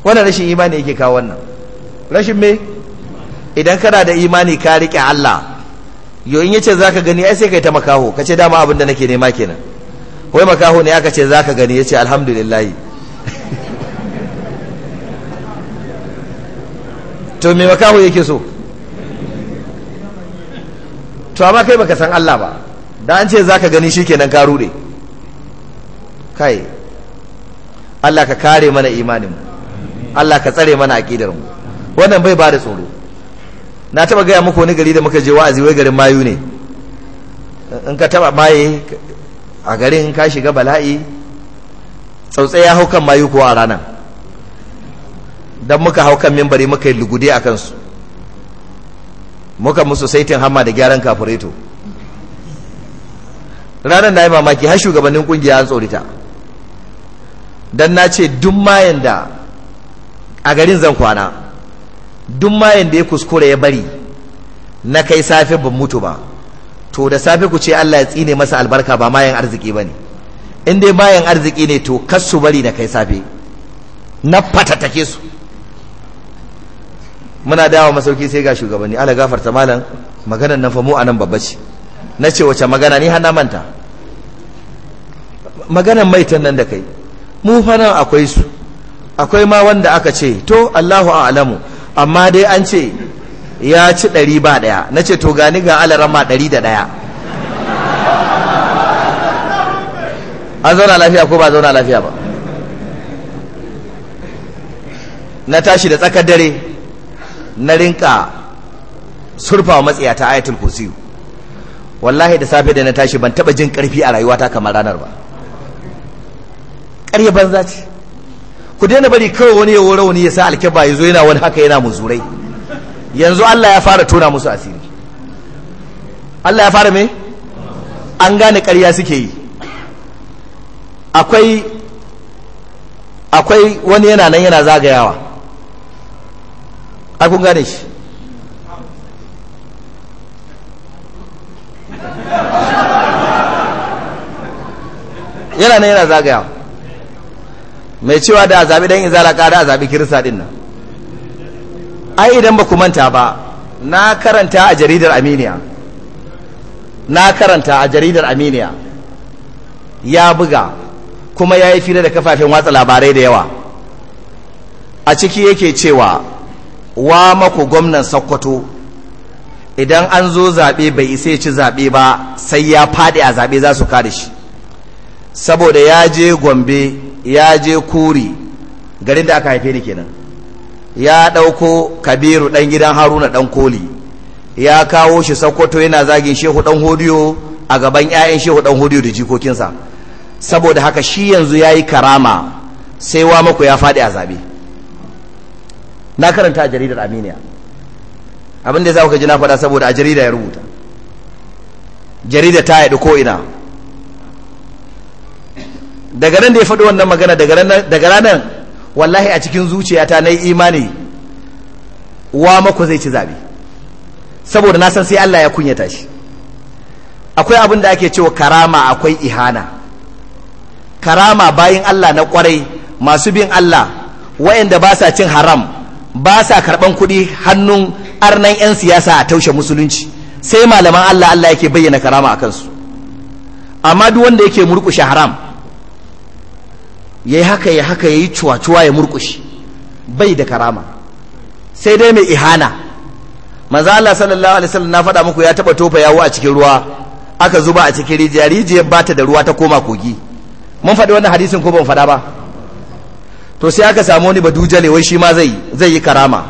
wannan rashin imani yake kawo wannan rashin me idan kana da imani ka rike Allah yo in yace ka gani ai sai kai ta makaho kace dama abin da nake nema kenan wai makaho ne aka ce za ka gani yace alhamdulillah to me makaho yake so to amma kai baka san Allah ba da an ce zaka gani shikenan ka rude kai Allah ka kare mana imanin mu Allah ka tsare mana aqidar mu wannan bai bada tsoro na taba gaya muku wani gari da muka je wa'azi wai garin mayu ne in ka taba baye a garin ka shiga bala'i tsautsaye ya hau kan mayu kuwa a ranar don muka hau kan mimbari muka yi lugude a kansu muka musu saitin hamma da gyaran kafureto ranar na yi mamaki har shugabannin kungiya an tsorita don na ce duk mayan da a garin zan kwana duk mayan da ya kuskura ya bari na kai safe ban mutu ba to da safe ku ce Allah ya tsine masa albarka ba mayan arziki ba ne inda dai mayan arziki ne to kasu su bari na kai safe na fatattake su muna dawa masauki sai ga shugabanni ala gafarta malam maganan nan fa mu anan babba ce na ce wace magana ni har na manta mai maitan nan da kai mu fa nan akwai su akwai ma wanda aka ce to Allahu a'lamu amma dai an ce ya ci ɗari ba daya na ce to gani ga alarama ɗari da an zauna lafiya ko ba zauna lafiya ba na tashi da tsakar dare na rinka surfa wa matsiya ta ayatul kursi wallahi da safe da na tashi ban taba jin karfi a rayuwata kamar ranar ba ƙarya banza ce ku daina bari kawai wani ya wura wani ya sa alkiba ya zo yana wani haka yana muzurai yanzu Allah ya fara tona musu asiri Allah ya fara me an gane ƙarya suke yi akwai akwai wani yana nan yana zagayawa ai gane shi yana nan yana zagaya mai cewa da a zaɓi ɗan izala ƙara a zaɓi kirista ɗin nan ai idan ba ku manta ba na karanta a jaridar aminiya na karanta a jaridar aminiya ya buga kuma ya yi fira da kafafen watsa labarai da yawa a ciki yake cewa wa maku gwamnan sakkwato idan an zo zaɓe bai isa ci zaɓe ba sai ya faɗi a zaɓe za su kare shi saboda ya je gombe ya je kuri garin da aka haife ni kenan ya ɗauko kabiru ɗan gidan haruna ɗan koli ya kawo shi sakkwato yana zagin shehu ɗan hodiyo a gaban 'ya'yan shehu ɗan hodiyo da jikokinsa saboda haka shi yanzu ya yi karama sai wa maku ya faɗi a zaɓe na karanta a jaridar aminiya abin da za ku ji na faɗa saboda a jarida ya rubuta jarida ta yaɗu ko ina daga nan da ya faɗi wannan magana daga ranar wallahi a cikin zuciyata na yi imani wa mako zai ci zabe saboda na san sai Allah ya kunyata shi akwai abin da ake cewa karama akwai ihana karama bayin Allah na kwarai masu bin Allah wayanda ba sa cin haram ba sa karban kuɗi hannun arnan 'yan siyasa a taushe musulunci sai malaman Allah Allah yake bayyana karama a kansu amma duk wanda yake murkushe haram yayi haka ya haka yayi cuwa-cuwa ya murkushi bai da karama sai dai mai ihana manzo Allah sallallahu alaihi wasallam na faɗa muku ya taba tofa yawo a cikin ruwa aka zuba a cikin rijiya rijiyar bata da ruwa ta koma kogi mun faɗi wannan hadisin ko ban faɗa ba to sai aka samu wani badujale wai shi ma zai zai yi karama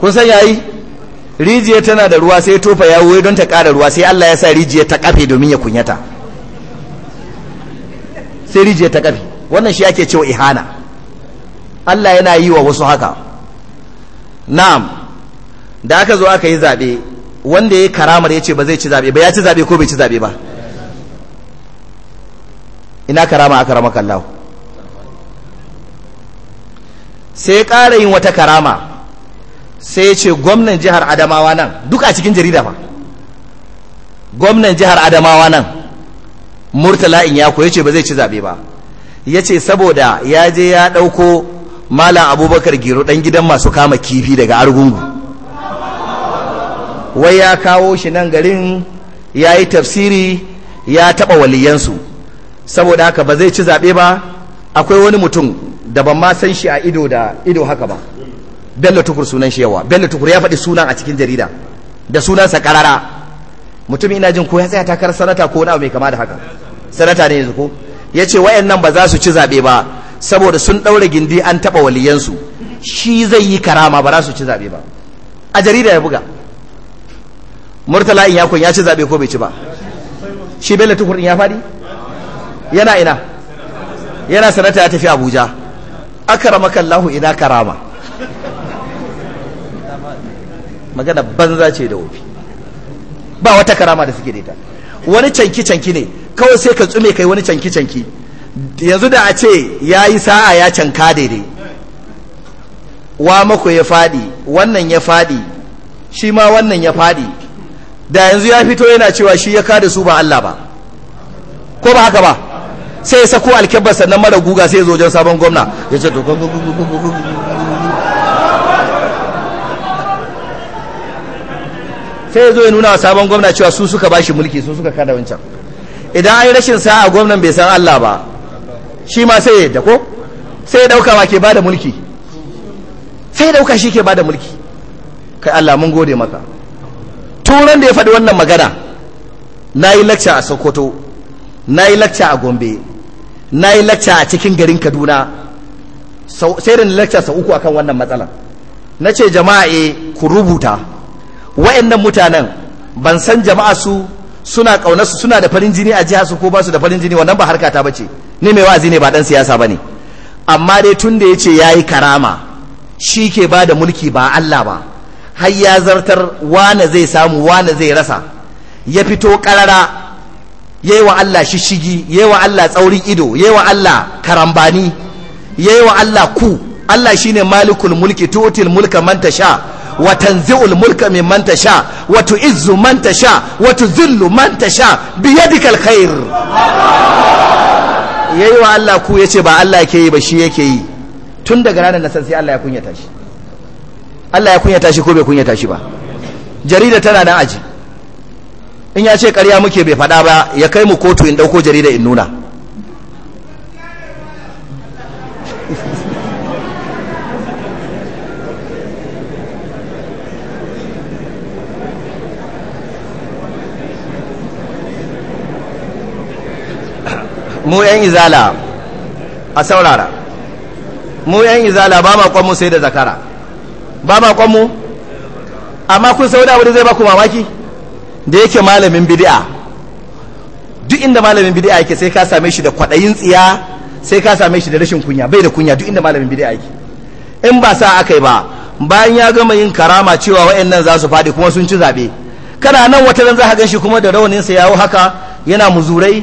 kun san yayi rijiya tana da ruwa sai tofa ya wuye don ta ƙara ruwa sai Allah ya sa rijiya ta kafe domin ya kunyata sai rijiya ta kafe wannan shi ake cewa ihana Allah yana yi wa wasu haka na'am da aka zo aka yi zaɓe wanda ya karamar ya ce ba zai ci zaɓe ba ya ci zaɓe ko bai ci zaɓe ba ina karama aka rama kallahu sai ya ƙara yin wata karama sai ya ce gwamnan jihar adamawa nan duk a cikin jarida fa gwamnan jihar adamawa nan murtala in ya koya ce ba zai ci zaɓe ba ya ce saboda ya je ya ɗauko malam abubakar giro ɗan gidan masu kama kifi daga argungu wai ya kawo shi nan garin ya yi tafsiri ya taɓa waliyansu saboda haka ba zai ci zaɓe ba akwai wani mutum da ban ma san shi a ido da ido haka ba bello tukur sunan shi yawa bello tukur ya faɗi sunan a cikin jarida da sunansa karara mutum ina jin ko ya tsaya takarar sanata ko wani abu mai kama da haka sanata ne yanzu ko ya ce wayannan ba za su ci zaɓe ba saboda sun ɗaura gindi an taɓa waliyansu shi zai yi karama ba za su ci zaɓe ba a jarida ya buga murtala in ya ci zaɓe ko bai ci ba shi bello tukur in ya faɗi yana ina yana sanata ya tafi abuja akaramaka Allahu ina karama magana banza ce da wofi ba wata karama da suke da wani canki-canki ne kawai sai ka tsume kai wani canki-canki yanzu da a ce ya yi sa'a ya canka daidai wa mako ya faɗi wannan ya faɗi shi ma wannan ya faɗi da yanzu ya fito yana cewa shi ya kada su ba Allah ba ko ba haka ba sai ya sako alkebar sannan mara guga sai ya zo wajen sabon gwamna ya ce to sai ya zo ya nuna wa sabon gwamna cewa su suka ba shi mulki su suka kada wancan idan an yi rashin sa'a gwamnan bai san Allah ba shi ma sai ya yadda ko sai ya dauka wa ke bada mulki sai ya dauka shi ke bada mulki kai Allah mun gode maka turan da ya faɗi wannan magana na yi lacca a sokoto na yi lacca a gombe na yi lacca a cikin garin kaduna sai da lacca sau uku akan wannan matsala na ce jama'a e ku rubuta wa'annan mutanen ban san jama'a su suna ƙaunar su suna da farin jini a jihar su ko basu da farin jini wannan ba harka ta bace ni mai wa'azi ne ba dan siyasa bane amma dai tun da yace yayi karama shi ke ba da mulki ba Allah ba har ya zartar wane zai samu wane zai rasa ya fito karara yayi wa Allah shishigi yayi wa Allah tsaurin ido yayi wa Allah karambani yayi wa Allah ku Allah shine malikul mulki tutil mulka man tasha wa tanzi'ul mulka mimman tasha wa tu'izzu man tasha wa tuzillu man tasha yadikal khair yayi wa Allah ku yace ba Allah yake yi ba shi yake yi tun daga ranar nasan sai Allah ya kunyata shi Allah ya kunyata shi ko bai kunyata shi ba jarida tana nan aji in ya ce karya muke bai faɗa ba ya kai mu kotu in ɗauko jarida in nuna mu 'yan izala a saurara mu 'yan izala ba makon sai da zakara ba makon amma kun sauda wuri zai baku mamaki da yake malamin bidi'a duk inda malamin bidi'a yake sai ka same shi da kwaɗayin tsiya sai ka same shi da rashin kunya bai da kunya duk inda malamin bidi'a yake in ba sa aka yi ba bayan ya gama yin karama cewa wayannan za su faɗi kuma sun ci zaɓe kana nan wata nan za ka ganshi kuma da sa yawo haka yana muzurai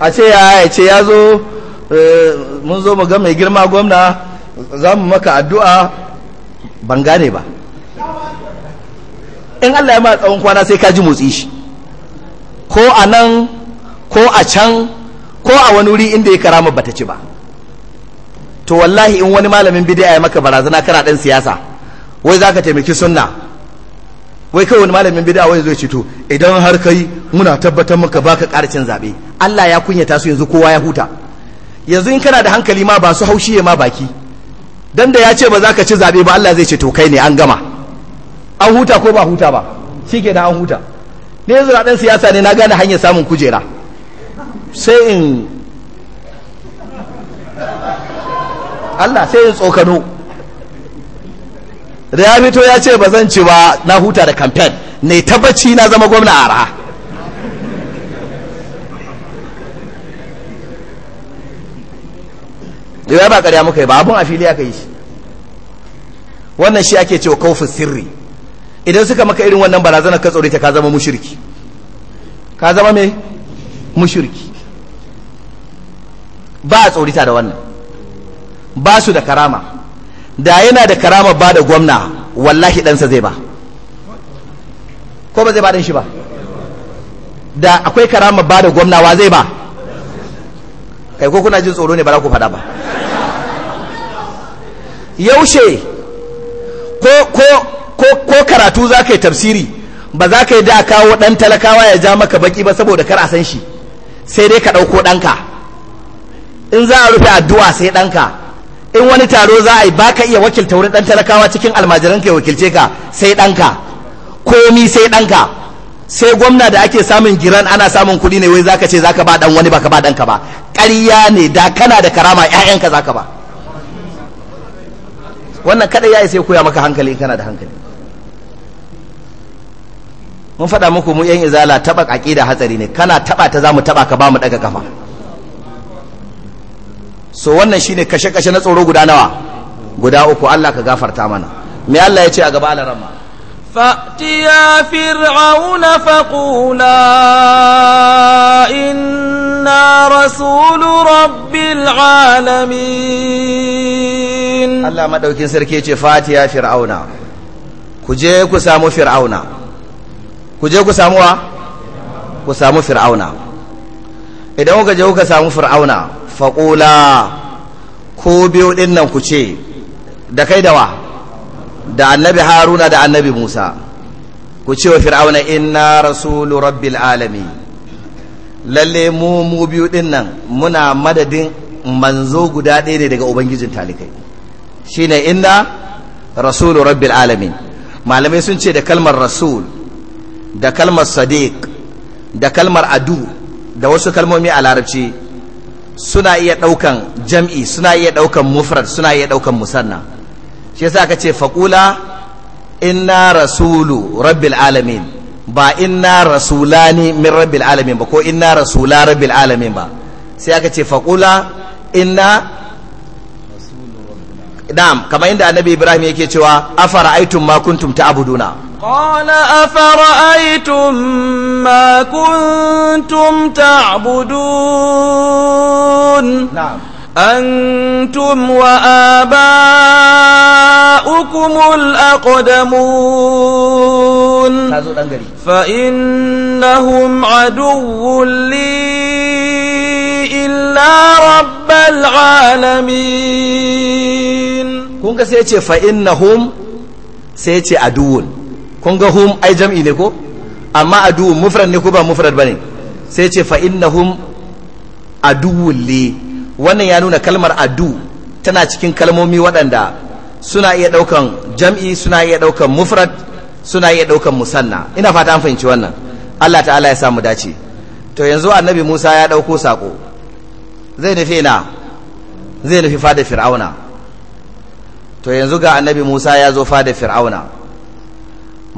a ce ya ya ce ya zo eh, mun zo mu ga mai girma gwamna za mu maka addu'a ban gane ba in Allah ya ma tsawon kwana sai ka ji motsi shi ko a nan ko a can ko a wani wuri inda ya karama bata ci ba to wallahi in wani malamin bid'a ya maka barazana kana dan siyasa wai zaka taimaki sunna wai kai wani malamin bid'a wai zai ce to idan har kai muna tabbatar maka baka karcin zabe Allah ya kunyata su yanzu kowa ya huta yanzu in kana da hankali ma ba su haushiye ma baki dan da ya ce ba za ka ci zaɓe ba Allah zai ce to kai ne an gama an huta ko ba huta ba shi ke an huta ne yanzu ɗan siyasa ne na gane hanyar samun kujera sai in Allah sai in tsokano da ya fito ya ce ba zan ci ba na huta da kamfen ne tabbaci na zama gwamna a raha da ba karya muka yi ba abun a fili aka yi shi wannan shi ake cewa kaufin sirri idan suka maka irin wannan barazanar ka tsorita ka zama mushirki ka zama me mushirki ba a tsorita da wannan ba su da karama da yana da karama ba da gwamna wallahi ɗansa zai ba ko ba zai ba ɗin shi ba da akwai karama ba da gwamna wa zai ba kai ko kuna jin tsoro ne ba za ku faɗa ba yaushe ko ko ko ko karatu za ka yi tafsiri ba za ka yi da kawo ɗan talakawa ya ja maka baki ba saboda kar a san shi sai dai ka ɗauko ɗanka in za a rufe addu'a sai ɗanka in wani taro za a yi ba ka iya wakilta wurin ɗan talakawa cikin almajiran ka ya wakilce ka sai ɗanka komi sai ɗanka sai gwamna da ake samun giran ana samun kuɗi ne wai zaka ce zaka ba dan wani baka ba ka ba ƙarya ne da kana da karama ƴaƴanka zaka ba wannan kada yayi sai koya maka hankali kana da hankali mun faɗa muku mu yan izala taba aqida hatsari ne kana taɓa ta zamu taɓa ka ba mu daga kafa so wannan shine kashe-kashe na tsoro guda nawa guda uku Allah ka gafarta mana me Allah ya ce a gaba alarama فأتيا فرعون فقولا إنا رسول رب العالمين الله ما دوكين سركي فاتيا فرعون كجي كسامو فرعون كجي كسامو كسامو فرعون إذا kuka je kuka فرعون فقولا كوبيو إنا كجي ɗin nan da annabi haruna da annabi musa ku ce wa fir'auna inna rasulu rabbil alami lalle mu mu biyu din nan muna madadin manzo guda ɗaya ne daga ubangijin talikai shine inna rasulu rabbil alami malamai sun ce da kalmar rasul da kalmar sadiq da kalmar adu da wasu kalmomi a larabci suna iya ɗaukan jam'i suna iya ɗaukan mufrad suna iya ɗaukan musanna shi yasa aka ce faqula inna rasulu rabbil alamin ba inna rasulani min rabbil alamin ba ko inna rasula rabbil alamin ba sai aka ce faqula inna na'am kamar inda annabi ibrahim yake cewa afara afara'aytum ma kuntum ta'buduna qala afara'aytum ma kuntum ta'budun na'am أنتم وآباؤكم الأقدمون فإنهم عدو لي إلا رب العالمين كونك سيتي فإنهم سيتي عدو كونك هم أي جمعي لكو أما عدو مفرد نكو با مفرد بني سيتي فإنهم عدو لي wannan ya nuna kalmar adu tana cikin kalmomi waɗanda suna iya ɗaukan jam'i suna iya ɗaukan mufrat suna iya ɗaukan musanna ina fata an fahimci wannan Allah ta'ala ya samu dace to yanzu annabi Musa ya ɗauko saƙo zai nufi ina zai nufi fada fir'auna to yanzu ga annabi Musa ya zo fada fir'auna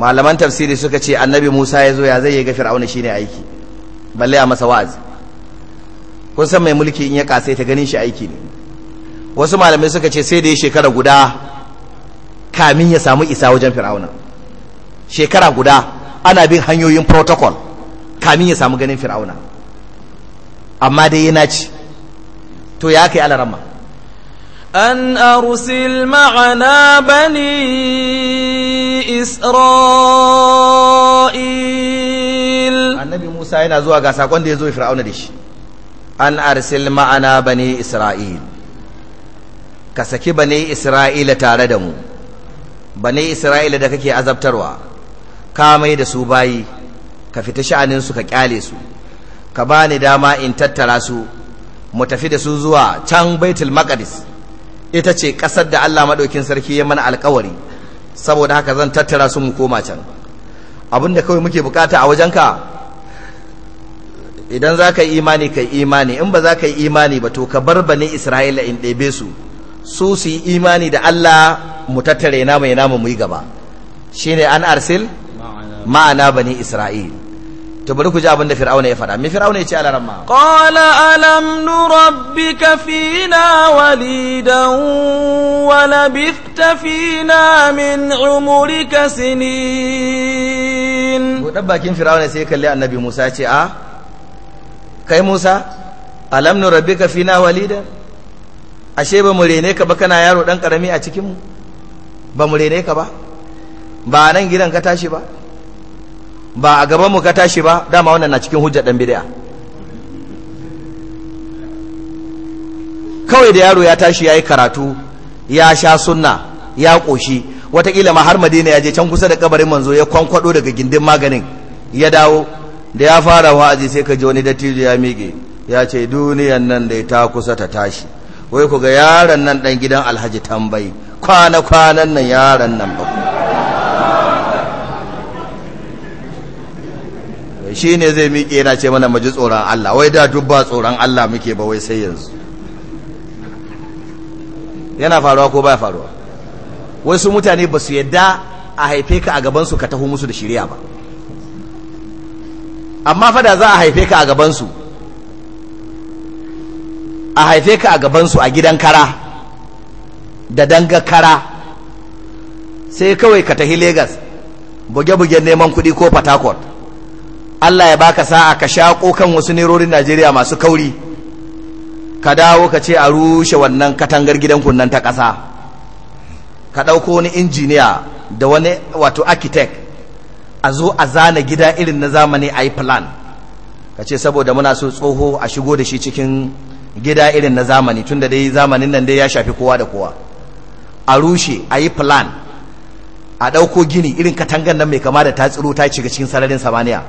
malaman tafsiri suka ce annabi Musa ya zo ya zai ga fir'auna shine aiki balle a masa wa'azi kun san mai mulki in ya kasai ta ganin shi aiki ne wasu malamai suka ce sai da ya shekara guda kamin ya samu isa wajen fir'auna shekara guda ana bin hanyoyin protocol kamin ya samu ganin fir'auna amma dai yana ci to ya kai alarama an arusil ma'ana bani isra'il annabi musa yana zuwa ga sakon da ya zo fir'auna da shi an arsil ma'ana bani isra'il ka saki bani isra'ila tare da mu bani isra'ila da kake azabtarwa ka mai da su bayi ka fita su ka kyale su ka ba ni dama in tattara su mu tafi da su zuwa can baitul maqdis ita ce ƙasar da allah maɗaukin sarki ya mana alkawari saboda haka zan tattara su mu koma can abinda kawai muke bukata a wajenka idan za ka yi imani ka yi imani in ba za ka yi imani ba to ka bar bani isra'ila in ɗebe su su su yi imani da allah mu tattare na mai namu mu yi gaba shine an arsil ma'ana bani isra'il to bari ku ji abin da fir'auna ya faɗa me fir'auna ya ce ala ramma qala alam nurabbika fina walidan wa labithta fina min umrika sinin budan bakin fir'auna sai kalli annabi Musa ce a ah, kai Musa alam nu rabbika fina walida ashe ba mu rene ka ba kana yaro dan karami a cikin mu ba mu rene ka ba ba nan gidan ka tashi ba ba a gaban mu ka tashi ba dama wannan na cikin hujjar dan bid'a kawai da yaro ya tashi yayi karatu ya sha sunna ya koshi wataƙila ma har madina ya je can kusa da kabarin manzo ya kwankwado daga gindin maganin ya dawo da ya fara wa'azi sai ka ji wani dattijo ya miƙe ya ce duniyan nan da ta kusa ta tashi wai ku ga yaron nan dan gidan alhaji tambayi kwana-kwanan nan yaron nan ba ku shi ne zai miƙe yana ce mana maji tsoron Allah wai da dubba tsoron Allah muke ba wai sai yanzu yana faruwa ko baya faruwa wasu mutane ba su yadda a haife ka a gabansu ka taho musu da shirya ba amma fada za a haife ka a gabansu a haife ka a gabansu a gidan kara da danga kara sai kawai ka tahi Legas buge buge neman kuɗi ko Port Allah ya baka sa'a ka shaƙo kan wasu nerorin Najeriya masu kauri ka dawo ka ce a rushe wannan katangar gidan kunnan ta ƙasa ka ɗauko wani injiniya da wani wato architect a zo a zana gida irin na zamani a yi plan ka ce saboda muna so tsoho a shigo da shi cikin gida irin na zamani tun da dai zamanin nan dai ya shafi kowa da kowa a rushe a yi plan a ɗauko gini irin katangan nan mai kama da ta ta shiga cikin sararin samaniya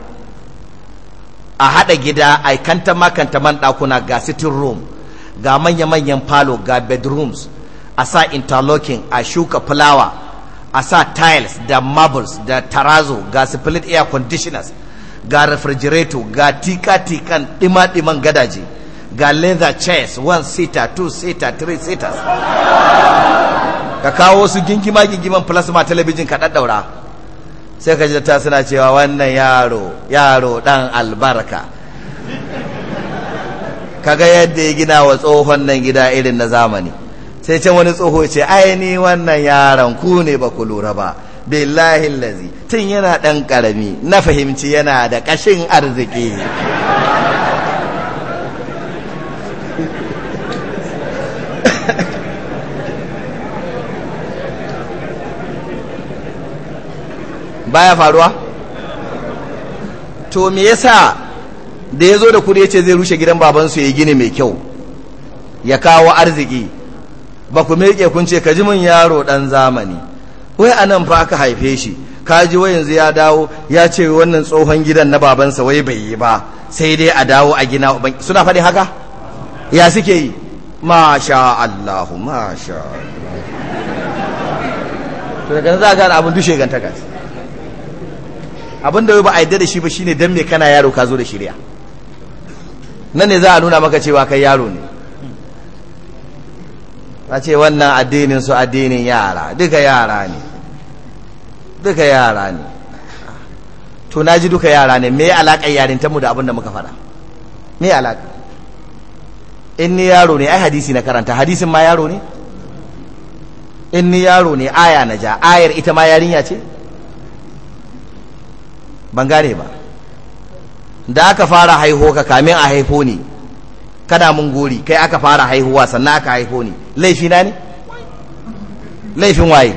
a haɗa gida a kanta makanta man ɗakuna ga sitin room ga manya-manyan falo ga bedrooms a sa interlocking a shuka fulawa a sa tiles da marbles da tarazo ga split air conditioners ga refrigerator ga tika-tikan ɗima-ɗiman gadaje ga leather chairs one seater two seater three seaters ka kawo su gingima-gingiman plasma talabijin ka ɗaɗɗaura sai ka ji ta suna cewa wannan yaro yaro ɗan albarka kaga yadda ya gina wa tsohon nan gida irin na zamani sai can wani tsoho ce aini wannan yaron ku ne ba ku lura ba billahi lazi tun yana ɗan ƙarami na fahimci yana da ƙashin arziki baya faruwa to me yasa da ya zo da kudi ya ce zai rushe gidan babansu ya gini mai kyau ya kawo arziki ba ku meke kun ce ka ji mun yaro dan zamani wai anan fa aka haife shi kaji wa yanzu ya dawo ya ce wannan tsohon gidan na babansa wai bai yi ba sai dai a dawo a gina suna faɗi haka ya suke yi masha Allah, masha to daga za ga abin dushe gantaka abin da ba a yadda da shi ba shine dan me kana yaro ka zo da shirya nan ne za a nuna maka cewa kai yaro ne a ce wannan addinin su addinin yara duka yara ne duka yara ne to na ji duka yara ne me alaƙar tamu da abin da muka fara me alaƙa in ni yaro ne ai hadisi na karanta hadisin ma yaro ne in ni yaro ne aya na ja ayar ita ma yarinya ce ban gane ba da aka fara haiho ka kamin a haifo ne kana mun gori kai aka fara haihuwa sannan aka haihu ni laifi na ne laifin waye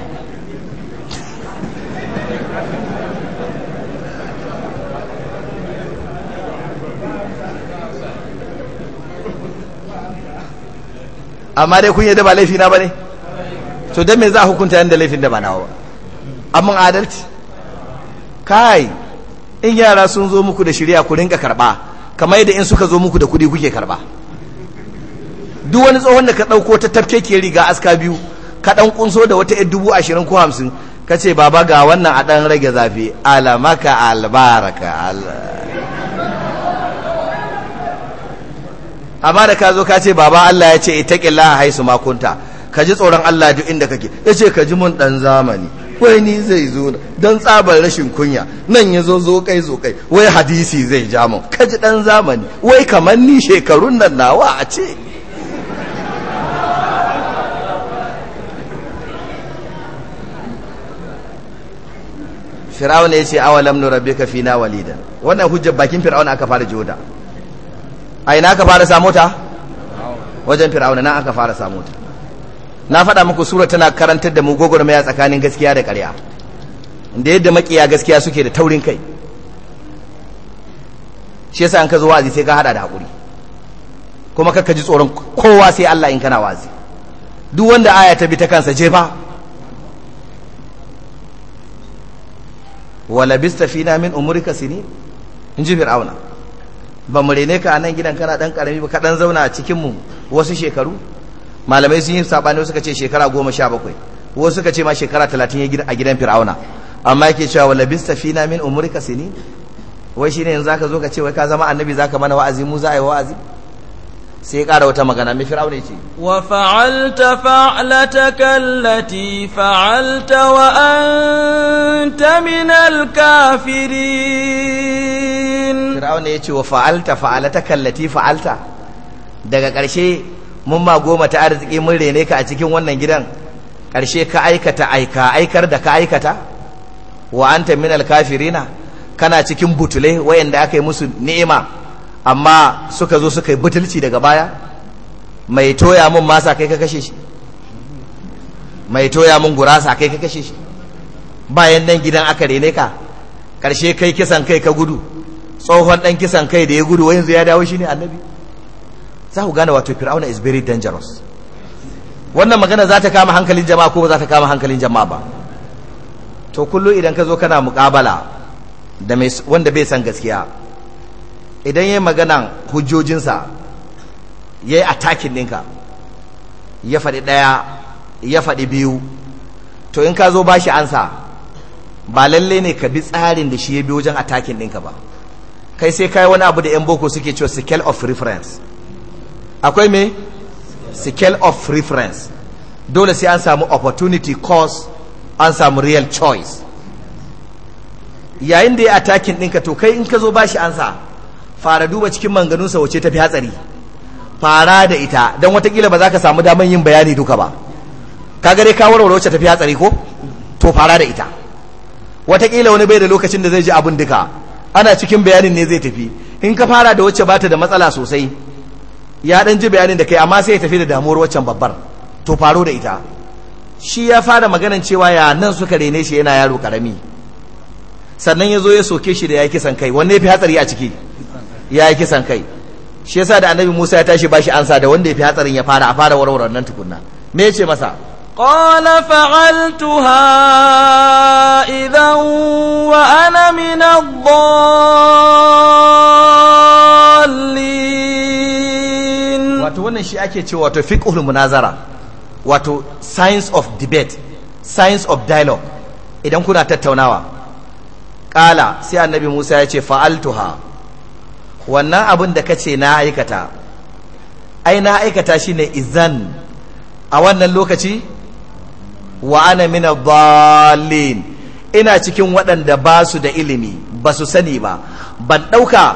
amma dai kun yadda ba laifi na ba ne to don me za a hukunta yadda laifin da ba nawa ba amma adalci kai in yara sun zo muku da shirya ku rinka karba kamar yadda in suka zo muku da kudi kuke karba duk wani tsohon da ka ɗauko ta tafke ke riga aska biyu ka ɗan kunso da wata dubu ashirin ko hamsin ka ce baba ga wannan a ɗan rage zafi alamaka albaraka amma da ka zo ka ce baba Allah ya ce itaƙilla a haisu makunta ka ji tsoron Allah duk inda kake ya ce ka ji mun ɗan zamani wai ni zai zo don tsabar rashin kunya nan ya zo zo kai zo kai wai hadisi zai ja mun ka ji ɗan zamani wai kamar ni shekarun nan nawa a ce fir'auna ya ce awalam nu rabbika fina walida wannan hujjar bakin fir'auna aka fara jihuda a ina aka fara samu ta wajen fir'auna na aka fara samu ta na faɗa muku sura tana karantar da mu maya tsakanin gaskiya da ƙarya da yadda makiya gaskiya suke da taurin kai shi yasa an ka zo wazi sai ka hada da hakuri kuma kakka ji tsoron kowa sai Allah in kana wazi duk wanda aya ta bi ta kansa jefa wa fi na min umurika sini in ji fir'auna ba mu rene ka a nan gidan kana dan karami ba ka dan zauna a cikin mu wasu shekaru malamai sun yi sabani ka ce shekara goma sha bakwai wasu suka ce ma shekara talatin a gidan fir'auna amma yake cewa wala bista na min umurika sini wai shine yanzu zaka zo ka ce wai ka zama annabi zaka mana wa'azi mu za a yi wa'azi sai ƙara wata magana mai fir'auna ce wa fa'alta fa'lataka kallati fa'alta wa anta minal kafirin fir'auna yace wa fa'alta fa'lataka kallati fa'alta daga ƙarshe mun ma goma ta arziki mun rene ka a cikin wannan gidan ƙarshe ka aikata aika aikar da ka aikata wa anta minal kafirina kana cikin butule wayanda aka yi musu ni'ima amma suka zo suka yi butulci daga baya mai toya mun masa kai ka kashe shi mai toya mun gurasa kai ka kashe shi bayan nan gidan aka rene ka karshe kai kisan kai ka gudu tsohon dan kisan kai da ya gudu wa yanzu ya dawo shi ne annabi za ku gane wato fir'auna is very dangerous wannan magana za ta kama hankalin jama'a ko ba za ta kama hankalin jama'a ba to kullum idan ka zo kana muƙabala da wanda bai san gaskiya idan ya yi magana hujjojinsa ya yi atakin ɗinka ya faɗi ɗaya ya faɗi biyu to in ka zo ba shi ansa ba lalle ne ka bi tsarin da shi ya bi wajen atakin ɗinka ba kai sai kai wani abu da 'yan boko suke cewa scale of reference akwai me scale of reference dole sai an samu opportunity cause an samu real choice yayin da ya atakin ɗinka to kai in ka zo ba shi ansa fara duba cikin manganunsa wace tafi hatsari fara da ita don watakila ba za ka samu damar yin bayani duka ba ka gare ka warware wacce tafi hatsari ko to fara da ita watakila wani bai da lokacin da zai ji abun duka ana cikin bayanin ne zai tafi in ka fara da wacce bata da matsala sosai ya dan ji bayanin da kai amma sai ya tafi da damuwar waccan babbar to faro da ita shi ya fara maganan cewa ya nan suka rene shi yana yaro karami sannan ya zo ya soke shi da ya kisan kai wanne ya fi hatsari a ciki ya yi kisan kai shi yasa da annabi Musa ya tashi bashi ansa da wanda ya fi hatsarin ya fara a fara warware nan tukunna me ce masa idan wa ana min ad-dallin wato wannan shi ake cewa wato fiqhul munazara wato science of debate science of dialogue idan kuna tattaunawa qala sai annabi Musa ya ce fa'altuha wannan abin da kace na aikata ai na aikata shi ne izan a wannan lokaci wa ana mina ina cikin waɗanda ba su da ilimi ba su sani ba ban ɗauka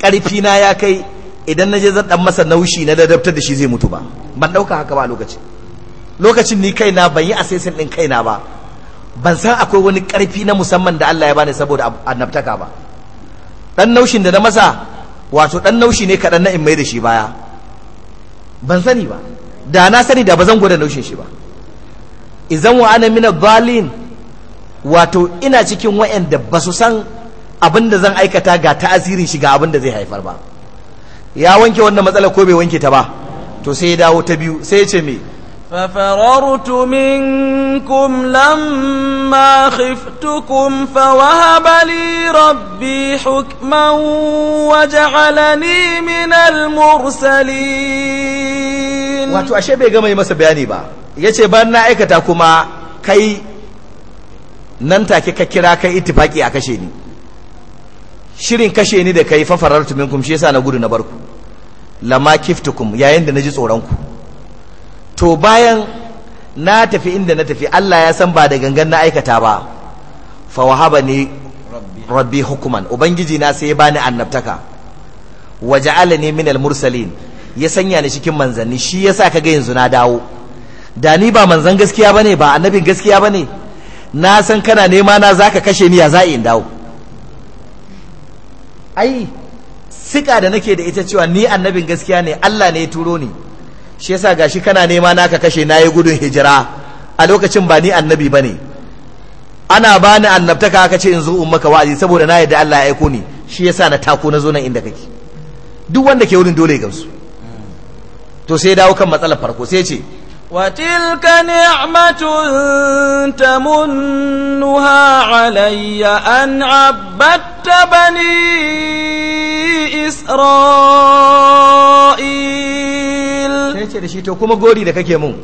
ƙarfi na ya kai idan na je zan ɗan masa naushi na ladabtar da shi zai mutu ba ban ɗauka haka ba lokaci lokacin ni kaina ban yi asesin ɗin kaina ba ban san akwai wani ƙarfi na musamman da Allah ya bani saboda annabtaka ba ɗan naushin da na masa wato dan naushi ne kaɗan na in mai da shi baya ban sani ba da na sani da ba zan gwada naushin shi ba idan wa ana mina balin wato ina cikin wa'anda ba su san abin da zan aikata ga ta'asirin shi ga abin da zai haifar ba ya wanke wannan matsala ko bai wanke ta ba to sai ya dawo ta biyu sai ya ce me ففررت منكم لما خفتكم فوهب لي ربي حكما وجعلني من المرسلين wato ashe bai gama yi masa bayani ba yace ban na aikata kuma kai nan take ka kira kai ittifaki a kashe ni shirin kashe ni da kai fafarartu minkum shi yasa na gudu na barku lama kiftukum yayin da naji tsoron ku to bayan na tafi inda na tafi Allah ya san ba da gangan na aikata ba fa wahaba ni rabbi hukuman ubangiji na sai ya bani annabtaka wa min al-mursalin ya sanya ni cikin manzanni shi yasa kaga yanzu na dawo da ni ba manzan gaskiya bane ba annabin gaskiya bane na san kana nema na zaka kashe ni ya za'i in dawo ai sika da nake da ita cewa ni annabin gaskiya ne Allah ne ya turo ni shi yasa gashi kana nema naka kashe nayi gudun hijira a lokacin ba ni annabi bane ana bani annabtaka aka ce in zo ummaka maka wa'azi saboda na yadda Allah ya aiko ni shi yasa na tako na zo nan inda kake duk wanda ke wurin dole ya gamsu to sai dawo kan matsalar farko sai ce وتلك نعمة تمنها علي أن عبدت bani إسرائيل sai ce da shi to kuma gori da kake mun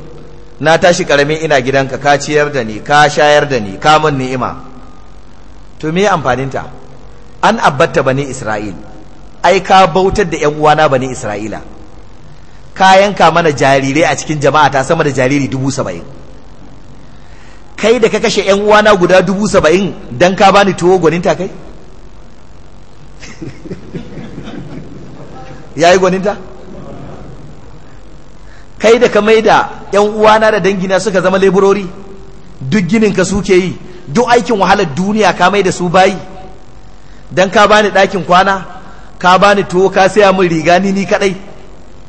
na tashi karamin ina gidanka ka ciyar da ni ka shayar da ni ka mun ni'ima to me amfaninta an abbatta bani isra'il ai ka bautar da yan uwana bani isra'ila ka yanka mana jarirai a cikin jama'a ta sama da jariri dubu saba'in kai da ka kashe yan uwana guda dubu saba'in dan ka bani tuwo gwaninta kai yayi ta kai da ka mai da yan uwana da dangina suka zama leburori duk ginin ka suke yi duk aikin wahalar duniya ka mai da su bayi dan ka bani ɗakin kwana ka bani tuwo ka saya min riga ni ni kadai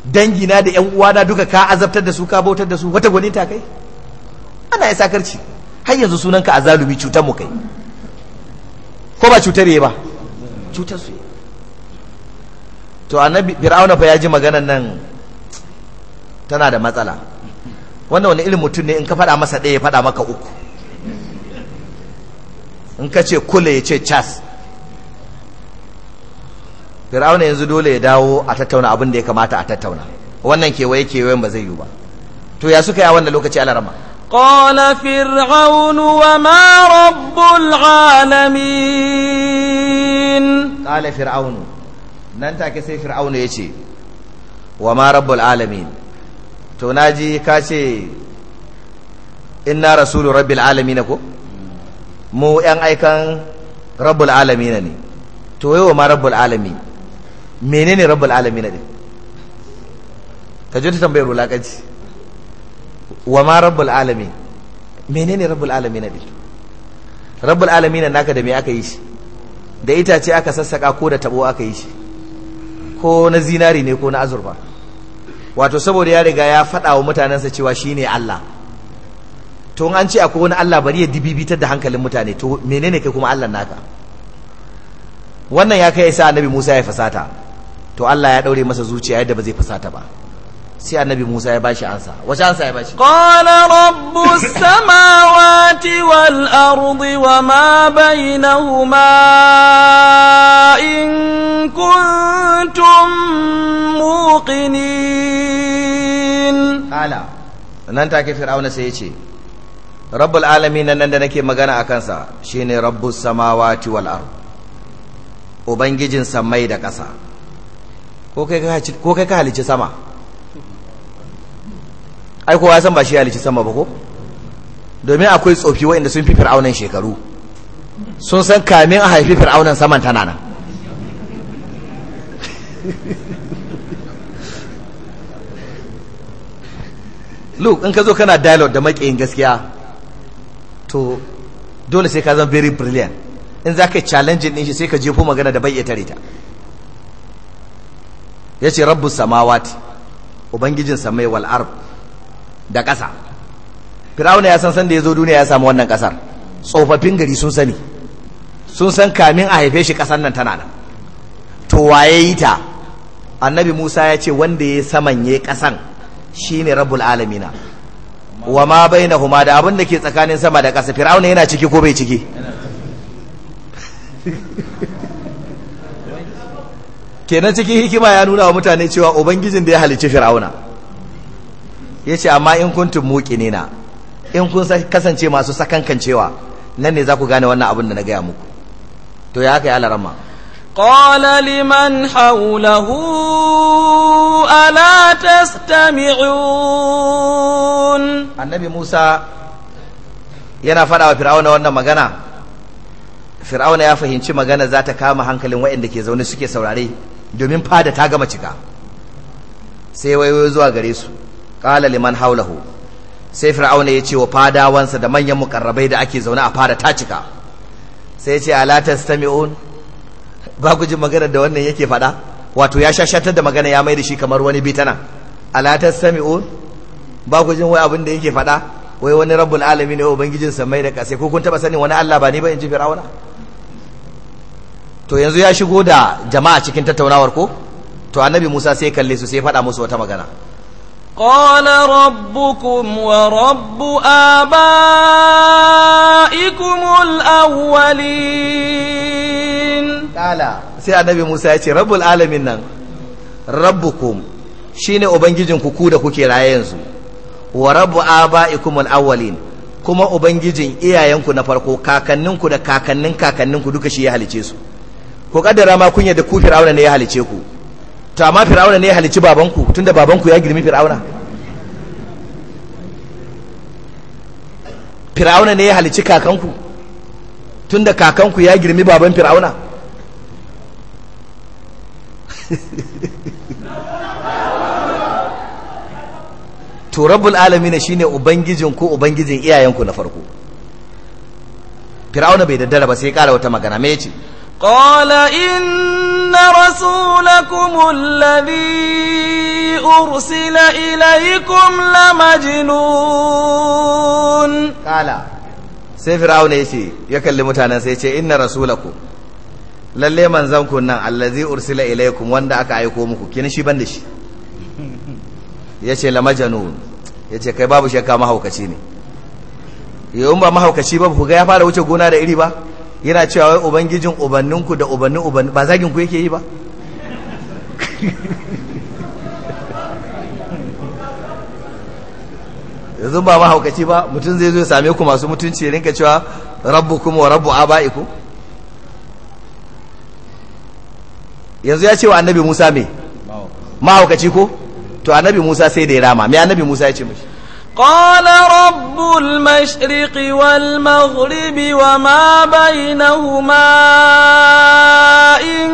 dangina da yan uwana duka ka azabtar da su ka bautar da su wata gwaninta kai ana ya sakarci har yanzu sunanka azalumi cutar mu kai ko ba cutar ya ba cutar su to annabi fir'auna fa ya ji maganar nan tana da matsala wannan wani irin mutum ne in ka faɗa masa ɗaya ya faɗa maka uku in ka ce kula ya ce cas fir'auna yanzu dole ya dawo a tattauna abin da ya kamata a tattauna wannan kewaye kewayen ba zai yi ba to ya suka yi a wannan lokaci alarama قال فرعون وما رب العالمين قال فرعون nan take sai fir'auna وما رب wa to na ji ka ce inna rasulu rabbil alamin ko mu yan aikan rabbul alamin ne to yau ma rabbul ne menene rabbul alamin ne ka ji ta tambayar wulakanci wa ma rabbul alamin menene rabbul alamin din rabbul alamin naka da me aka yi shi da itace aka sassaka ko da tabo aka yi shi ko na zinari ne ko na azurfa wato saboda ya riga ya faɗa wa mutanensa cewa shi ne Allah to an ce akwai wani Allah bari ya dibibitar da hankalin mutane to menene kai kuma Allah naka wannan ya kai sa annabi Musa ya fasata to Allah ya daure masa zuciya yadda ba zai fasata ba sai annabi Musa ya bashi ansa wace ansa ya bashi qala rabbus samawati wal ardi ma bainahuma in kuntum muqinin qala nan take fir'auna sai ya rabbul alamin nan da nake magana akan sa shine rabbus samawati wal ard ubangijin samai da ƙasa ko kai ka halicci sama ai kowa san ba shi halici sama ba ko domin akwai tsofi waɗanda sun fi fir'aunan shekaru sun san kamin a haifi fir'aunan saman tana nan look in ka zo kana dialog da maƙiyin gaskiya to dole sai ka zan very brilliant in za ka yi challenging ɗin shi sai ka jefo magana da bai iya tare ta ya ce rabbu samawati ubangijin samai wal'arba da ƙasa firawuna ya san san da ya zo duniya ya samu wannan ƙasar tsofaffin gari sun sani sun san kamin a haife shi ƙasar nan tana nan to waye yi ta annabi musa ya ce wanda ya saman ya ƙasan shi ne rabbul alamina wa ma bai na huma da abin da ke tsakanin sama da ƙasa firawuna yana ciki ko bai ciki kenan cikin hikima ya nuna wa mutane cewa ubangijin da ya halicci fir'auna ya ce amma in kuntum muqinina in kun kasance masu sakankancewa nan ne za ku gane wannan abin da na gaya muku to ya haka ya larama قال لمن حوله ألا تستمعون النبي Musa yana faɗawa wa fir'auna wannan magana fir'auna ya fahimci magana za ta kama hankalin waɗanda ke zaune suke saurare domin fada ta gama cika sai waiwayo zuwa gare su qala liman haulahu sai fir'auna ya ce wa fadawansa da manyan mukarrabai da ake zaune a fada ta cika sai ya ce ala tastami'un ba ku ji magana da wannan yake faɗa wato ya shashatar da magana ya mai da shi kamar wani bitana ala tastami'un ba ku ji wai abin da yake faɗa wai wani rabbul alamin ne ubangijin samai da kasai ko kun taba sanin wani Allah ba ni ba in ji fir'auna to yanzu ya shigo da jama'a cikin tattaunawar ko to annabi Musa sai kalle su sai faɗa musu wata magana قال ربكم ورب آبائكم الأولين Musa ya ce موسى يقول رب العالمين ربكم shine ubangijin ku da kuke raye yanzu wa rabbu abaikum alawwalin kuma ubangijin iyayenku na farko kakanninku da kakannin kakanninku duka shi ya halice su ku kaddara ma kunya da ku fir'auna ne ya halice ku to amma fir'auna ne ya halici babanku tunda babanku ya girmi fir'auna fir'auna ne ya halici kakanku tunda kakanku ya girmi baban fir'auna to rabbul ne shine ubangijin ko ubangijin iyayenku na farko fir'auna bai daddara ba sai ya kara wata magana me ce. qala in إن رسولكم الذي أرسل إليكم لمجنون sai fir'auna ya kalli mutanen sai yace inna rasulakum lalle manzon ku nan allazi ursila ilaikum wanda aka aiko muku kin shi ban da shi yace la majnun yace kai babu shakka mahaukaci ne yayin ba mahaukaci ba ku ga ya fara wuce gona da iri ba yana cewa wai ubangijin ubanninku da ubannin ubanni ba zagin ku yake yi ba yanzu ba mahaukaci ba mutum zai zo ya same ku masu mutunci rinka cewa rabbu kuma wa rabbu aba'iku yanzu ya ce wa annabi musa me mahaukaci ko to annabi musa sai da ya rama me annabi musa ya ce mashi قال رب المشرق والمغرب وما بينهما إن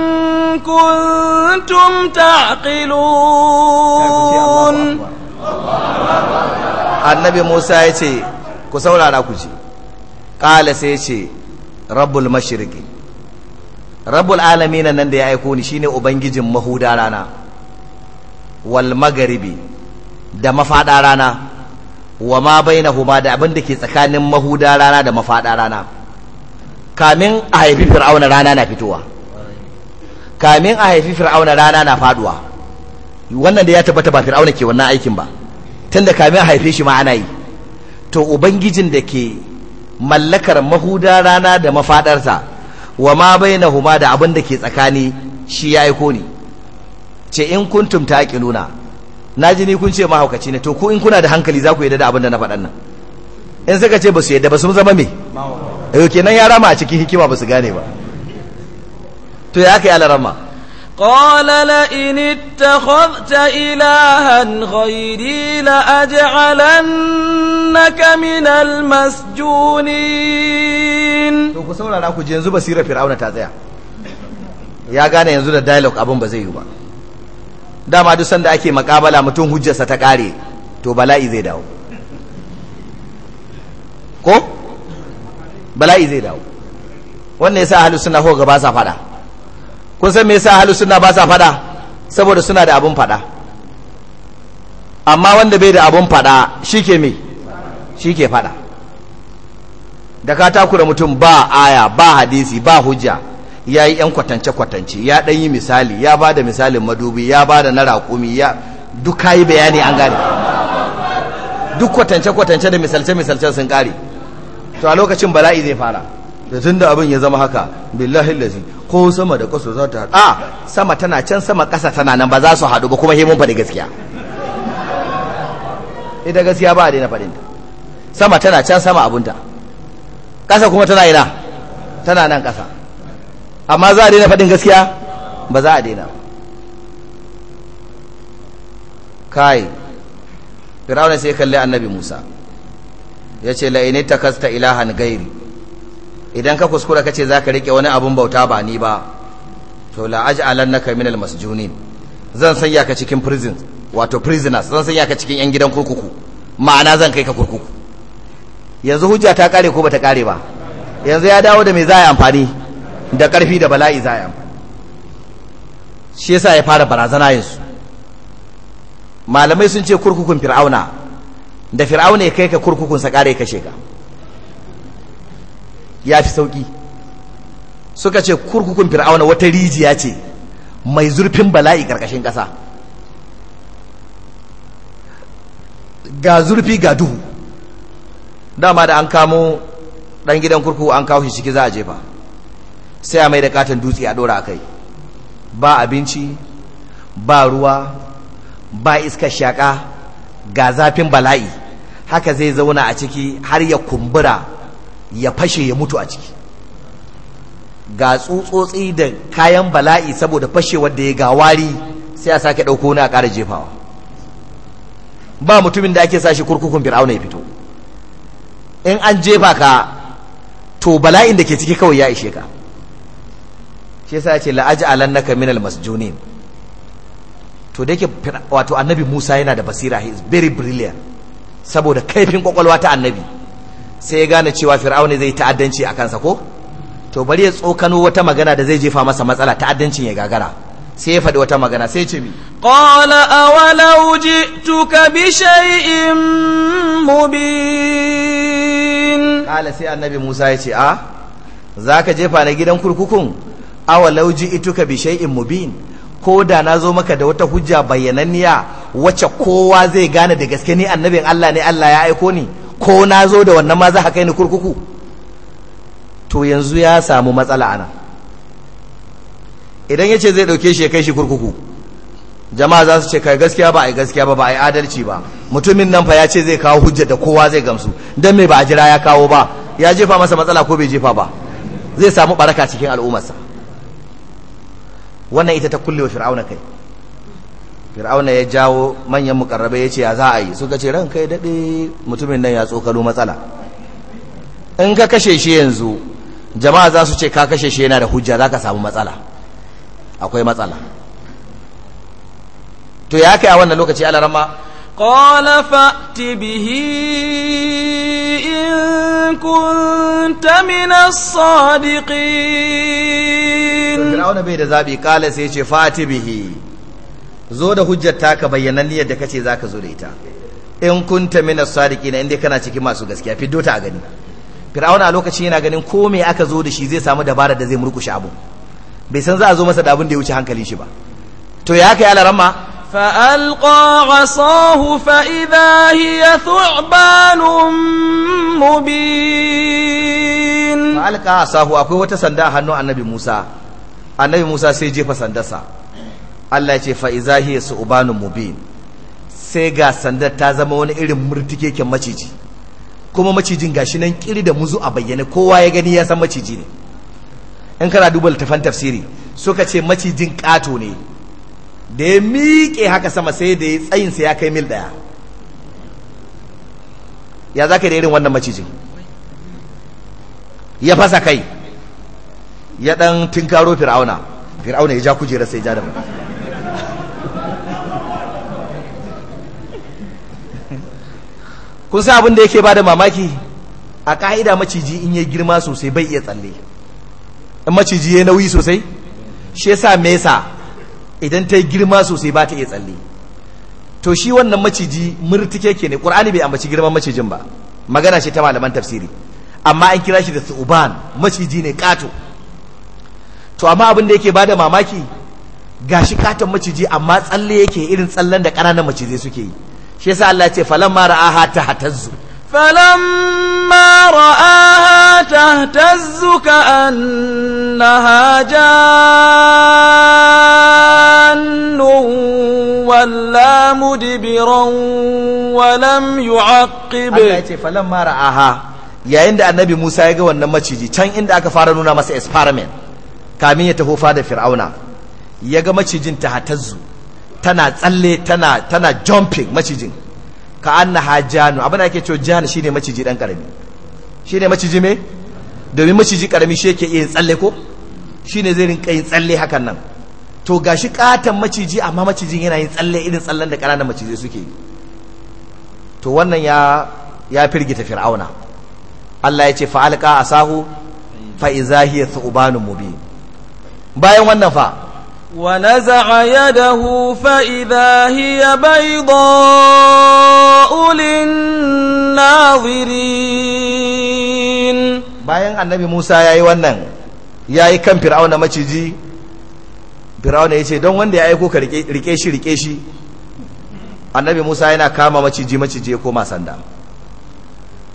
كنتم تعقلون annabi Musa ya ce ku saurara ku ce ƙala sai ce rabbul mashirgi. rabbul alamina nan da ya aiko ni shine ubangijin mahuda rana wal magaribi da mafaɗa rana wa ma huma da abin da ke tsakanin mahuda rana da mafada rana kamin a haifi fir'auna rana na fitowa kamin a haifi fir'auna rana na faduwa wannan da ya tabbata ba fir'auna ke wannan aikin ba tunda kamin a haife shi ma ana yi to ubangijin da ke mallakar mahuda rana da mafadarsa wa ma huma da abin da ke tsakani shi ya aiko ni ce in kuntum ƙiluna na jini ni kun ce mahaukaci ne to ku in kuna da hankali za ku yadda da abin da na faɗan nan in suka ce ba su yadda ba sun zama me ke kenan ya rama a cikin hikima ba su gane ba to ya kai alarama قال لئن اتخذت إلها غيري لأجعلنك من المسجونين to ku saurara ku ji yanzu basira fir'auna ta tsaya ya gane yanzu da dialogue abin ba zai yi ba dama duk sanda ake makabala mutum hujjarsa ta kare to bala'i zai dawo ko bala'i zai dawo wannan yasa ahlus sunna ko gaba sa fada kun san me yasa ahlus sunna ba sa fada saboda suna da abun fada amma wanda bai da abun fada shike me shike fada da ka takura mutum ba aya ba hadisi ba hujja ya yi ‘yan kwatance-kwatance ya ɗan yi misali ya ba da misalin madubi ya ba da na raƙumi ya duka yi bayani an gane duk kwatance-kwatance da misalce-misalce sun ƙari to a lokacin bala'i zai fara da tun da abin ya zama haka billahi lazi ko sama da ƙasa za ta a sama tana can sama ƙasa tana nan ba za su haɗu ba kuma himun faɗi gaskiya ita eh, gaskiya ba a daina faɗinta sama tana can sama abunta ƙasa kuma tana ina tana nan ƙasa amma za a daina faɗin gaskiya ba za a daina kai fir'auna sai kalli annabi musa ya ce la'ini ta kasta ilahan gairi idan ka kuskura ka ce za ka riƙe wani abin bauta ba ni ba to alan na minal masjunin zan sanya ka cikin prison wato prisoners zan sanya ka cikin yan gidan kurkuku ma'ana zan kai ka kurkuku yanzu hujja ta kare ko bata kare ba yanzu ya dawo da me za a yi amfani da ƙarfi da bala'i za a yi shi yasa ya fara barazana yanzu malamai sun ce kurkukun fir'auna da fir'auna ya kai ka kurkukun sa ya kashe ka ya fi sauƙi suka ce kurkukun fir'auna wata rijiya ce mai zurfin bala'i ƙarƙashin ƙasa ga zurfi ga duhu dama da an kamo ɗan gidan kurkuku an kawo shi ciki za a jefa sai a mai da katon dutse a dora kai ba abinci ba ruwa ba iskar shaka ga zafin bala'i haka zai zauna a ciki har ya kumbura ya fashe ya mutu a ciki ga tsutsotsi da kayan bala'i saboda fashewar da ya ga wari sai a sake ɗauko na a ƙara jefawa ba mutumin da ake sashi kurkukun fir'auna ya fito in an jefa ka to bala'in da ke ciki kawai ya ishe ka shi yasa ya ce la'aj'alannaka minal masjunin to da yake wato annabi Musa yana da basira he is very brilliant saboda kaifin kwakwalwa ta annabi sai ya gane cewa fir'auna zai ta'addanci a kansa ko to bari ya tsokano wata magana da zai jefa masa matsala ta'addancin ya gagara sai ya faɗi wata magana sai ce mi qala awalau ji'tuka bi shay'in mubin qala sai annabi Musa ya ce a ah, zaka jefa na gidan kurkukun awa lauji ituka in mu mubin ko da na zo maka da wata hujja bayyananniya wacce kowa zai gane da gaske ni annabin Allah ne Allah ya aiko ni ko na zo da wannan ma za ka kai ni kurkuku to yanzu ya samu matsala ana idan ya ce zai ɗauke shi ya kai shi kurkuku jama'a za su ce kai gaskiya ba a yi gaskiya ba ba a yi adalci ba mutumin nan fa ya ce zai kawo hujja da kowa zai gamsu don me ba a jira ya kawo ba ya jefa masa matsala ko bai jefa ba zai samu baraka cikin al'ummarsa wannan ita ta kulle wa fir'auna kai fir'auna ya jawo manyan mukarrabe ya ce ya za a yi suka ce ran kai daɗe mutumin nan ya tsokalo matsala in ka kashe shi yanzu jama'a za su ce ka kashe shi yana da hujja za ka samu matsala akwai matsala to ya kai a wannan lokaci alarama قال فأت به إن كنت من الصادقين فرعون بيد زابي قال سيشي فأت به زود حجة تاك بينا لي دكتي ذاك زريتا in kunta mina sadiqina inda kana cikin masu gaskiya fiddo ta gani fir'auna a lokacin yana ganin ko me aka zo da shi zai samu dabara da zai murkushe abu bai san za a zo masa da abin da ya wuce hankalin shi ba to ya kai alarama فألقى عصاه فإذا هي ثعبان مبين فألقى عصاه أكوي وتسندى هنو النبي موسى النبي موسى سيجي فسندسا Allah ya ce fa'iza hiya su ubanin mubin sai ga sandar ta zama wani irin murtikeken maciji kuma macijin gashi nan kiri da muzu a bayyane kowa ya gani ya san maciji ne in kana duba littafan tafsiri suka ce macijin ƙato ne da ya miƙe haka sama sai da ya tsayinsa ya kai mil ɗaya ya za ka da irin wannan macijin ya fasa kai ya ɗan tinkaro fir'auna fir'auna ya ja kujera sai ja da mu kun sa abin da yake ba da mamaki a ƙa'ida maciji in ya girma sosai bai iya tsalle in maciji ya nauyi sosai shi ya sa mesa idan ta yi girma sosai ba ta iya tsalle to shi wannan maciji murtike ke ne ƙur'ani bai ambaci girman macijin ba magana ce ta malaman tafsiri amma an kira shi da tsuban maciji ne kato to amma abin da yake bada mamaki ga shi katon maciji amma tsalle yake irin tsallen da ƙananan macizai suke yi shi yasa Allah ya ce falamma ra'aha ta hatazzu فلما رآها تهتز كأنها جان ولا مدبرا ولم يعقب Allah ya ce falamma ra'aha yayin da annabi Musa ya ga wannan maciji can inda aka fara nuna masa experiment kamin ya taho fada fir'auna ya ga macijin ta hatazzu tana tsalle tana tana jumping macijin ka annaha janu abin da ake cewa shi shine maciji dan shi shine maciji me domin maciji karami shi yake iya tsalle ko shine zai rinka yin tsalle hakan nan to gashi katan maciji amma macijin yana yin tsalle irin tsallen da ƙananan macizai suke yi to wannan ya firgita fir'auna Allah ya ce fa asahu fa iza hiya bayan wannan fa ونزع يده فإذا هي بيضاء للناظرين bayan annabi Musa ya yi wannan ya yi kan Fir'auna maciji Fir'auna ya ce don wanda ya aiko ka rike shi rike shi annabi Musa yana kama maciji maciji ya koma sanda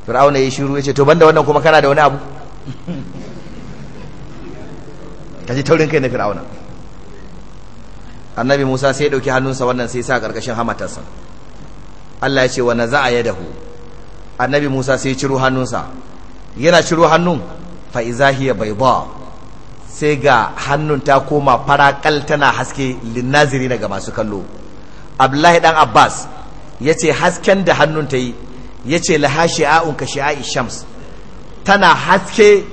Fir'auna ya shiru ya ce to banda wannan kuma kana da wani abu kaji taurin kai na Fir'auna annabi Musa sai ya dauki hannunsa wannan sai sa karkashin hamatarsa Allah ya ce wa na naza'a yadahu annabi Musa sai ya ciro hannunsa yana ciro hannun fa bai hiya sai ga hannun ta koma faraƙal tana haske linnaziri daga masu kallo Abdullahi dan Abbas ya ce hasken da hannun ta yi yace laha a'un ka shi'a'i shams tana haske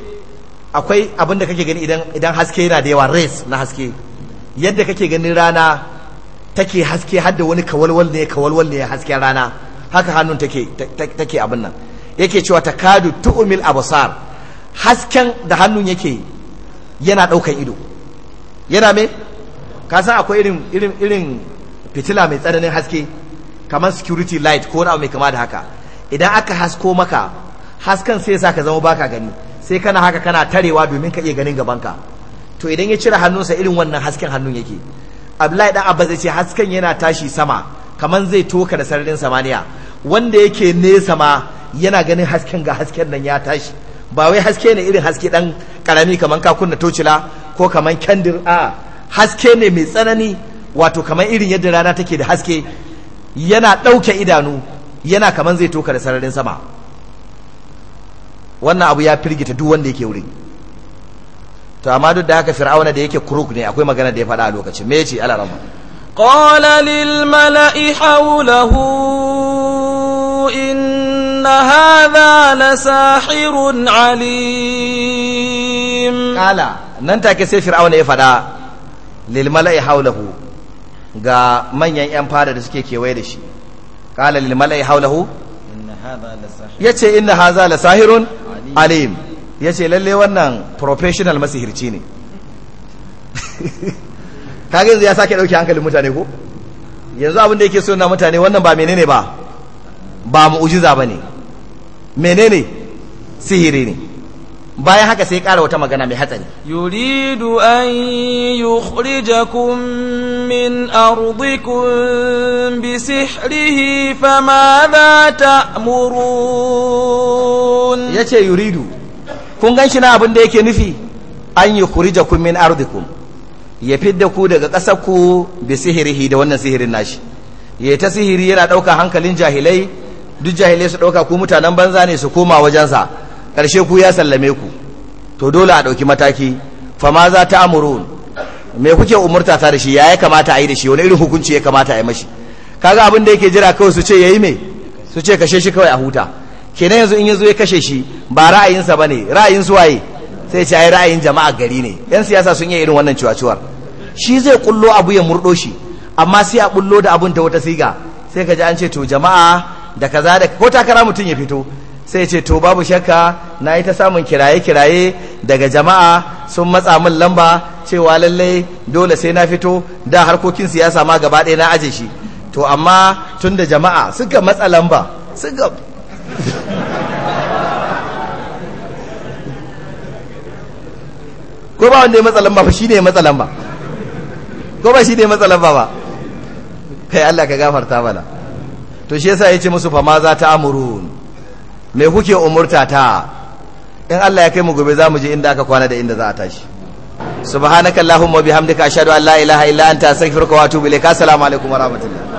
akwai abin da kake gani idan haske yana da yawa res na haske yadda kake ganin rana take haske har wani kawalwal ne kawalwal ne hasken rana haka hannun take take abin nan yake cewa takadu tu'mil absar hasken da hannun yake yana daukan ido yana me ka san akwai irin irin irin fitila mai tsananin haske kamar security light ko wani mai kama da haka idan aka hasko maka hasken sai ya sa ka zama baka gani sai kana haka kana tarewa domin ka iya ganin gabanka to idan ya cire hannunsa irin wannan hasken hannun yake abdullahi dan abbas ce hasken yana tashi sama kaman zai toka da sararin samaniya wanda yake nesa ma yana ganin hasken ga hasken nan ya tashi ba wai haske ne irin haske dan karami kaman ka kunna tocila ko kaman kandir a haske ne mai tsanani wato kaman irin yadda rana take da haske yana ɗauke idanu yana kaman zai toka da sararin sama wannan abu ya firgita duk wanda yake wurin to amma duk da haka fir'auna da yake kuruk ne akwai magana da ya faɗa a lokacin me yace Allah rahma qala lil mala'i hawlahu in hadha la sahirun alim kala nan take sai fir'auna ya faɗa lil mala'i hawlahu ga manyan yan fada da suke kewaye da shi qala lil mala'i hawlahu yace inna hadha la sahirun alim ya ce lalle wannan professional masihirci ne kagin yanzu ya sake dauke hankalin mutane ko yanzu abinda yake so na mutane wannan ba menene ba ba mu'ujiza ba ne menene sihiri ne bayan haka sai ƙara wata magana mai hatsari yuridu an yukhrijakum min ardikum bi sihrihi ya ce yace yuridu kun gan shi na abin da yake nufi an yi kurija kun min ya fidda ku daga ƙasarku ku bi da wannan sihirin nashi ya ta sihiri yana ɗauka hankalin jahilai duk jahilai su ɗauka ku mutanen banza ne su koma wajensa ƙarshe ku ya sallame ku to dole a ɗauki mataki fama za ta amurun me kuke umurta ta da shi ya ya kamata a yi da shi wani irin hukunci ya kamata a yi mashi kaga abin da yake jira kawai su ce ya yi me su ce kashe shi kawai a huta kenan yanzu in yazo ya kashe shi ba ra'ayinsa bane ra'ayin su waye sai ce yi ra'ayin jama'a gari ne yan siyasa sun yi irin wannan ciwaciwar shi zai kullo abu ya murdo shi amma sai a bullo da abun ta wata siga sai ka ji an ce to jama'a da kaza da ko takara mutum ya fito sai ce to babu shakka na yi ta samun kiraye-kiraye daga jama'a sun matsa min lamba cewa lallai dole sai na fito da harkokin siyasa ma gaba ɗaya na aje shi to amma tun da jama'a suka matsa lamba suka ko ba wanda ya matsalan ba shi ne ya matsalan ba ko ba shi ne ya matsalan ba ba kai Allah ka gafarta mana to shi yasa ya ce musu fa ma za ta amurun me kuke umurta ta in Allah ya kai mu gobe za mu je inda aka kwana da inda za a tashi subhanakallahumma bihamdika ashhadu an la ilaha illa anta astaghfiruka wa atubu ilaik assalamu alaikum wa rahmatullahi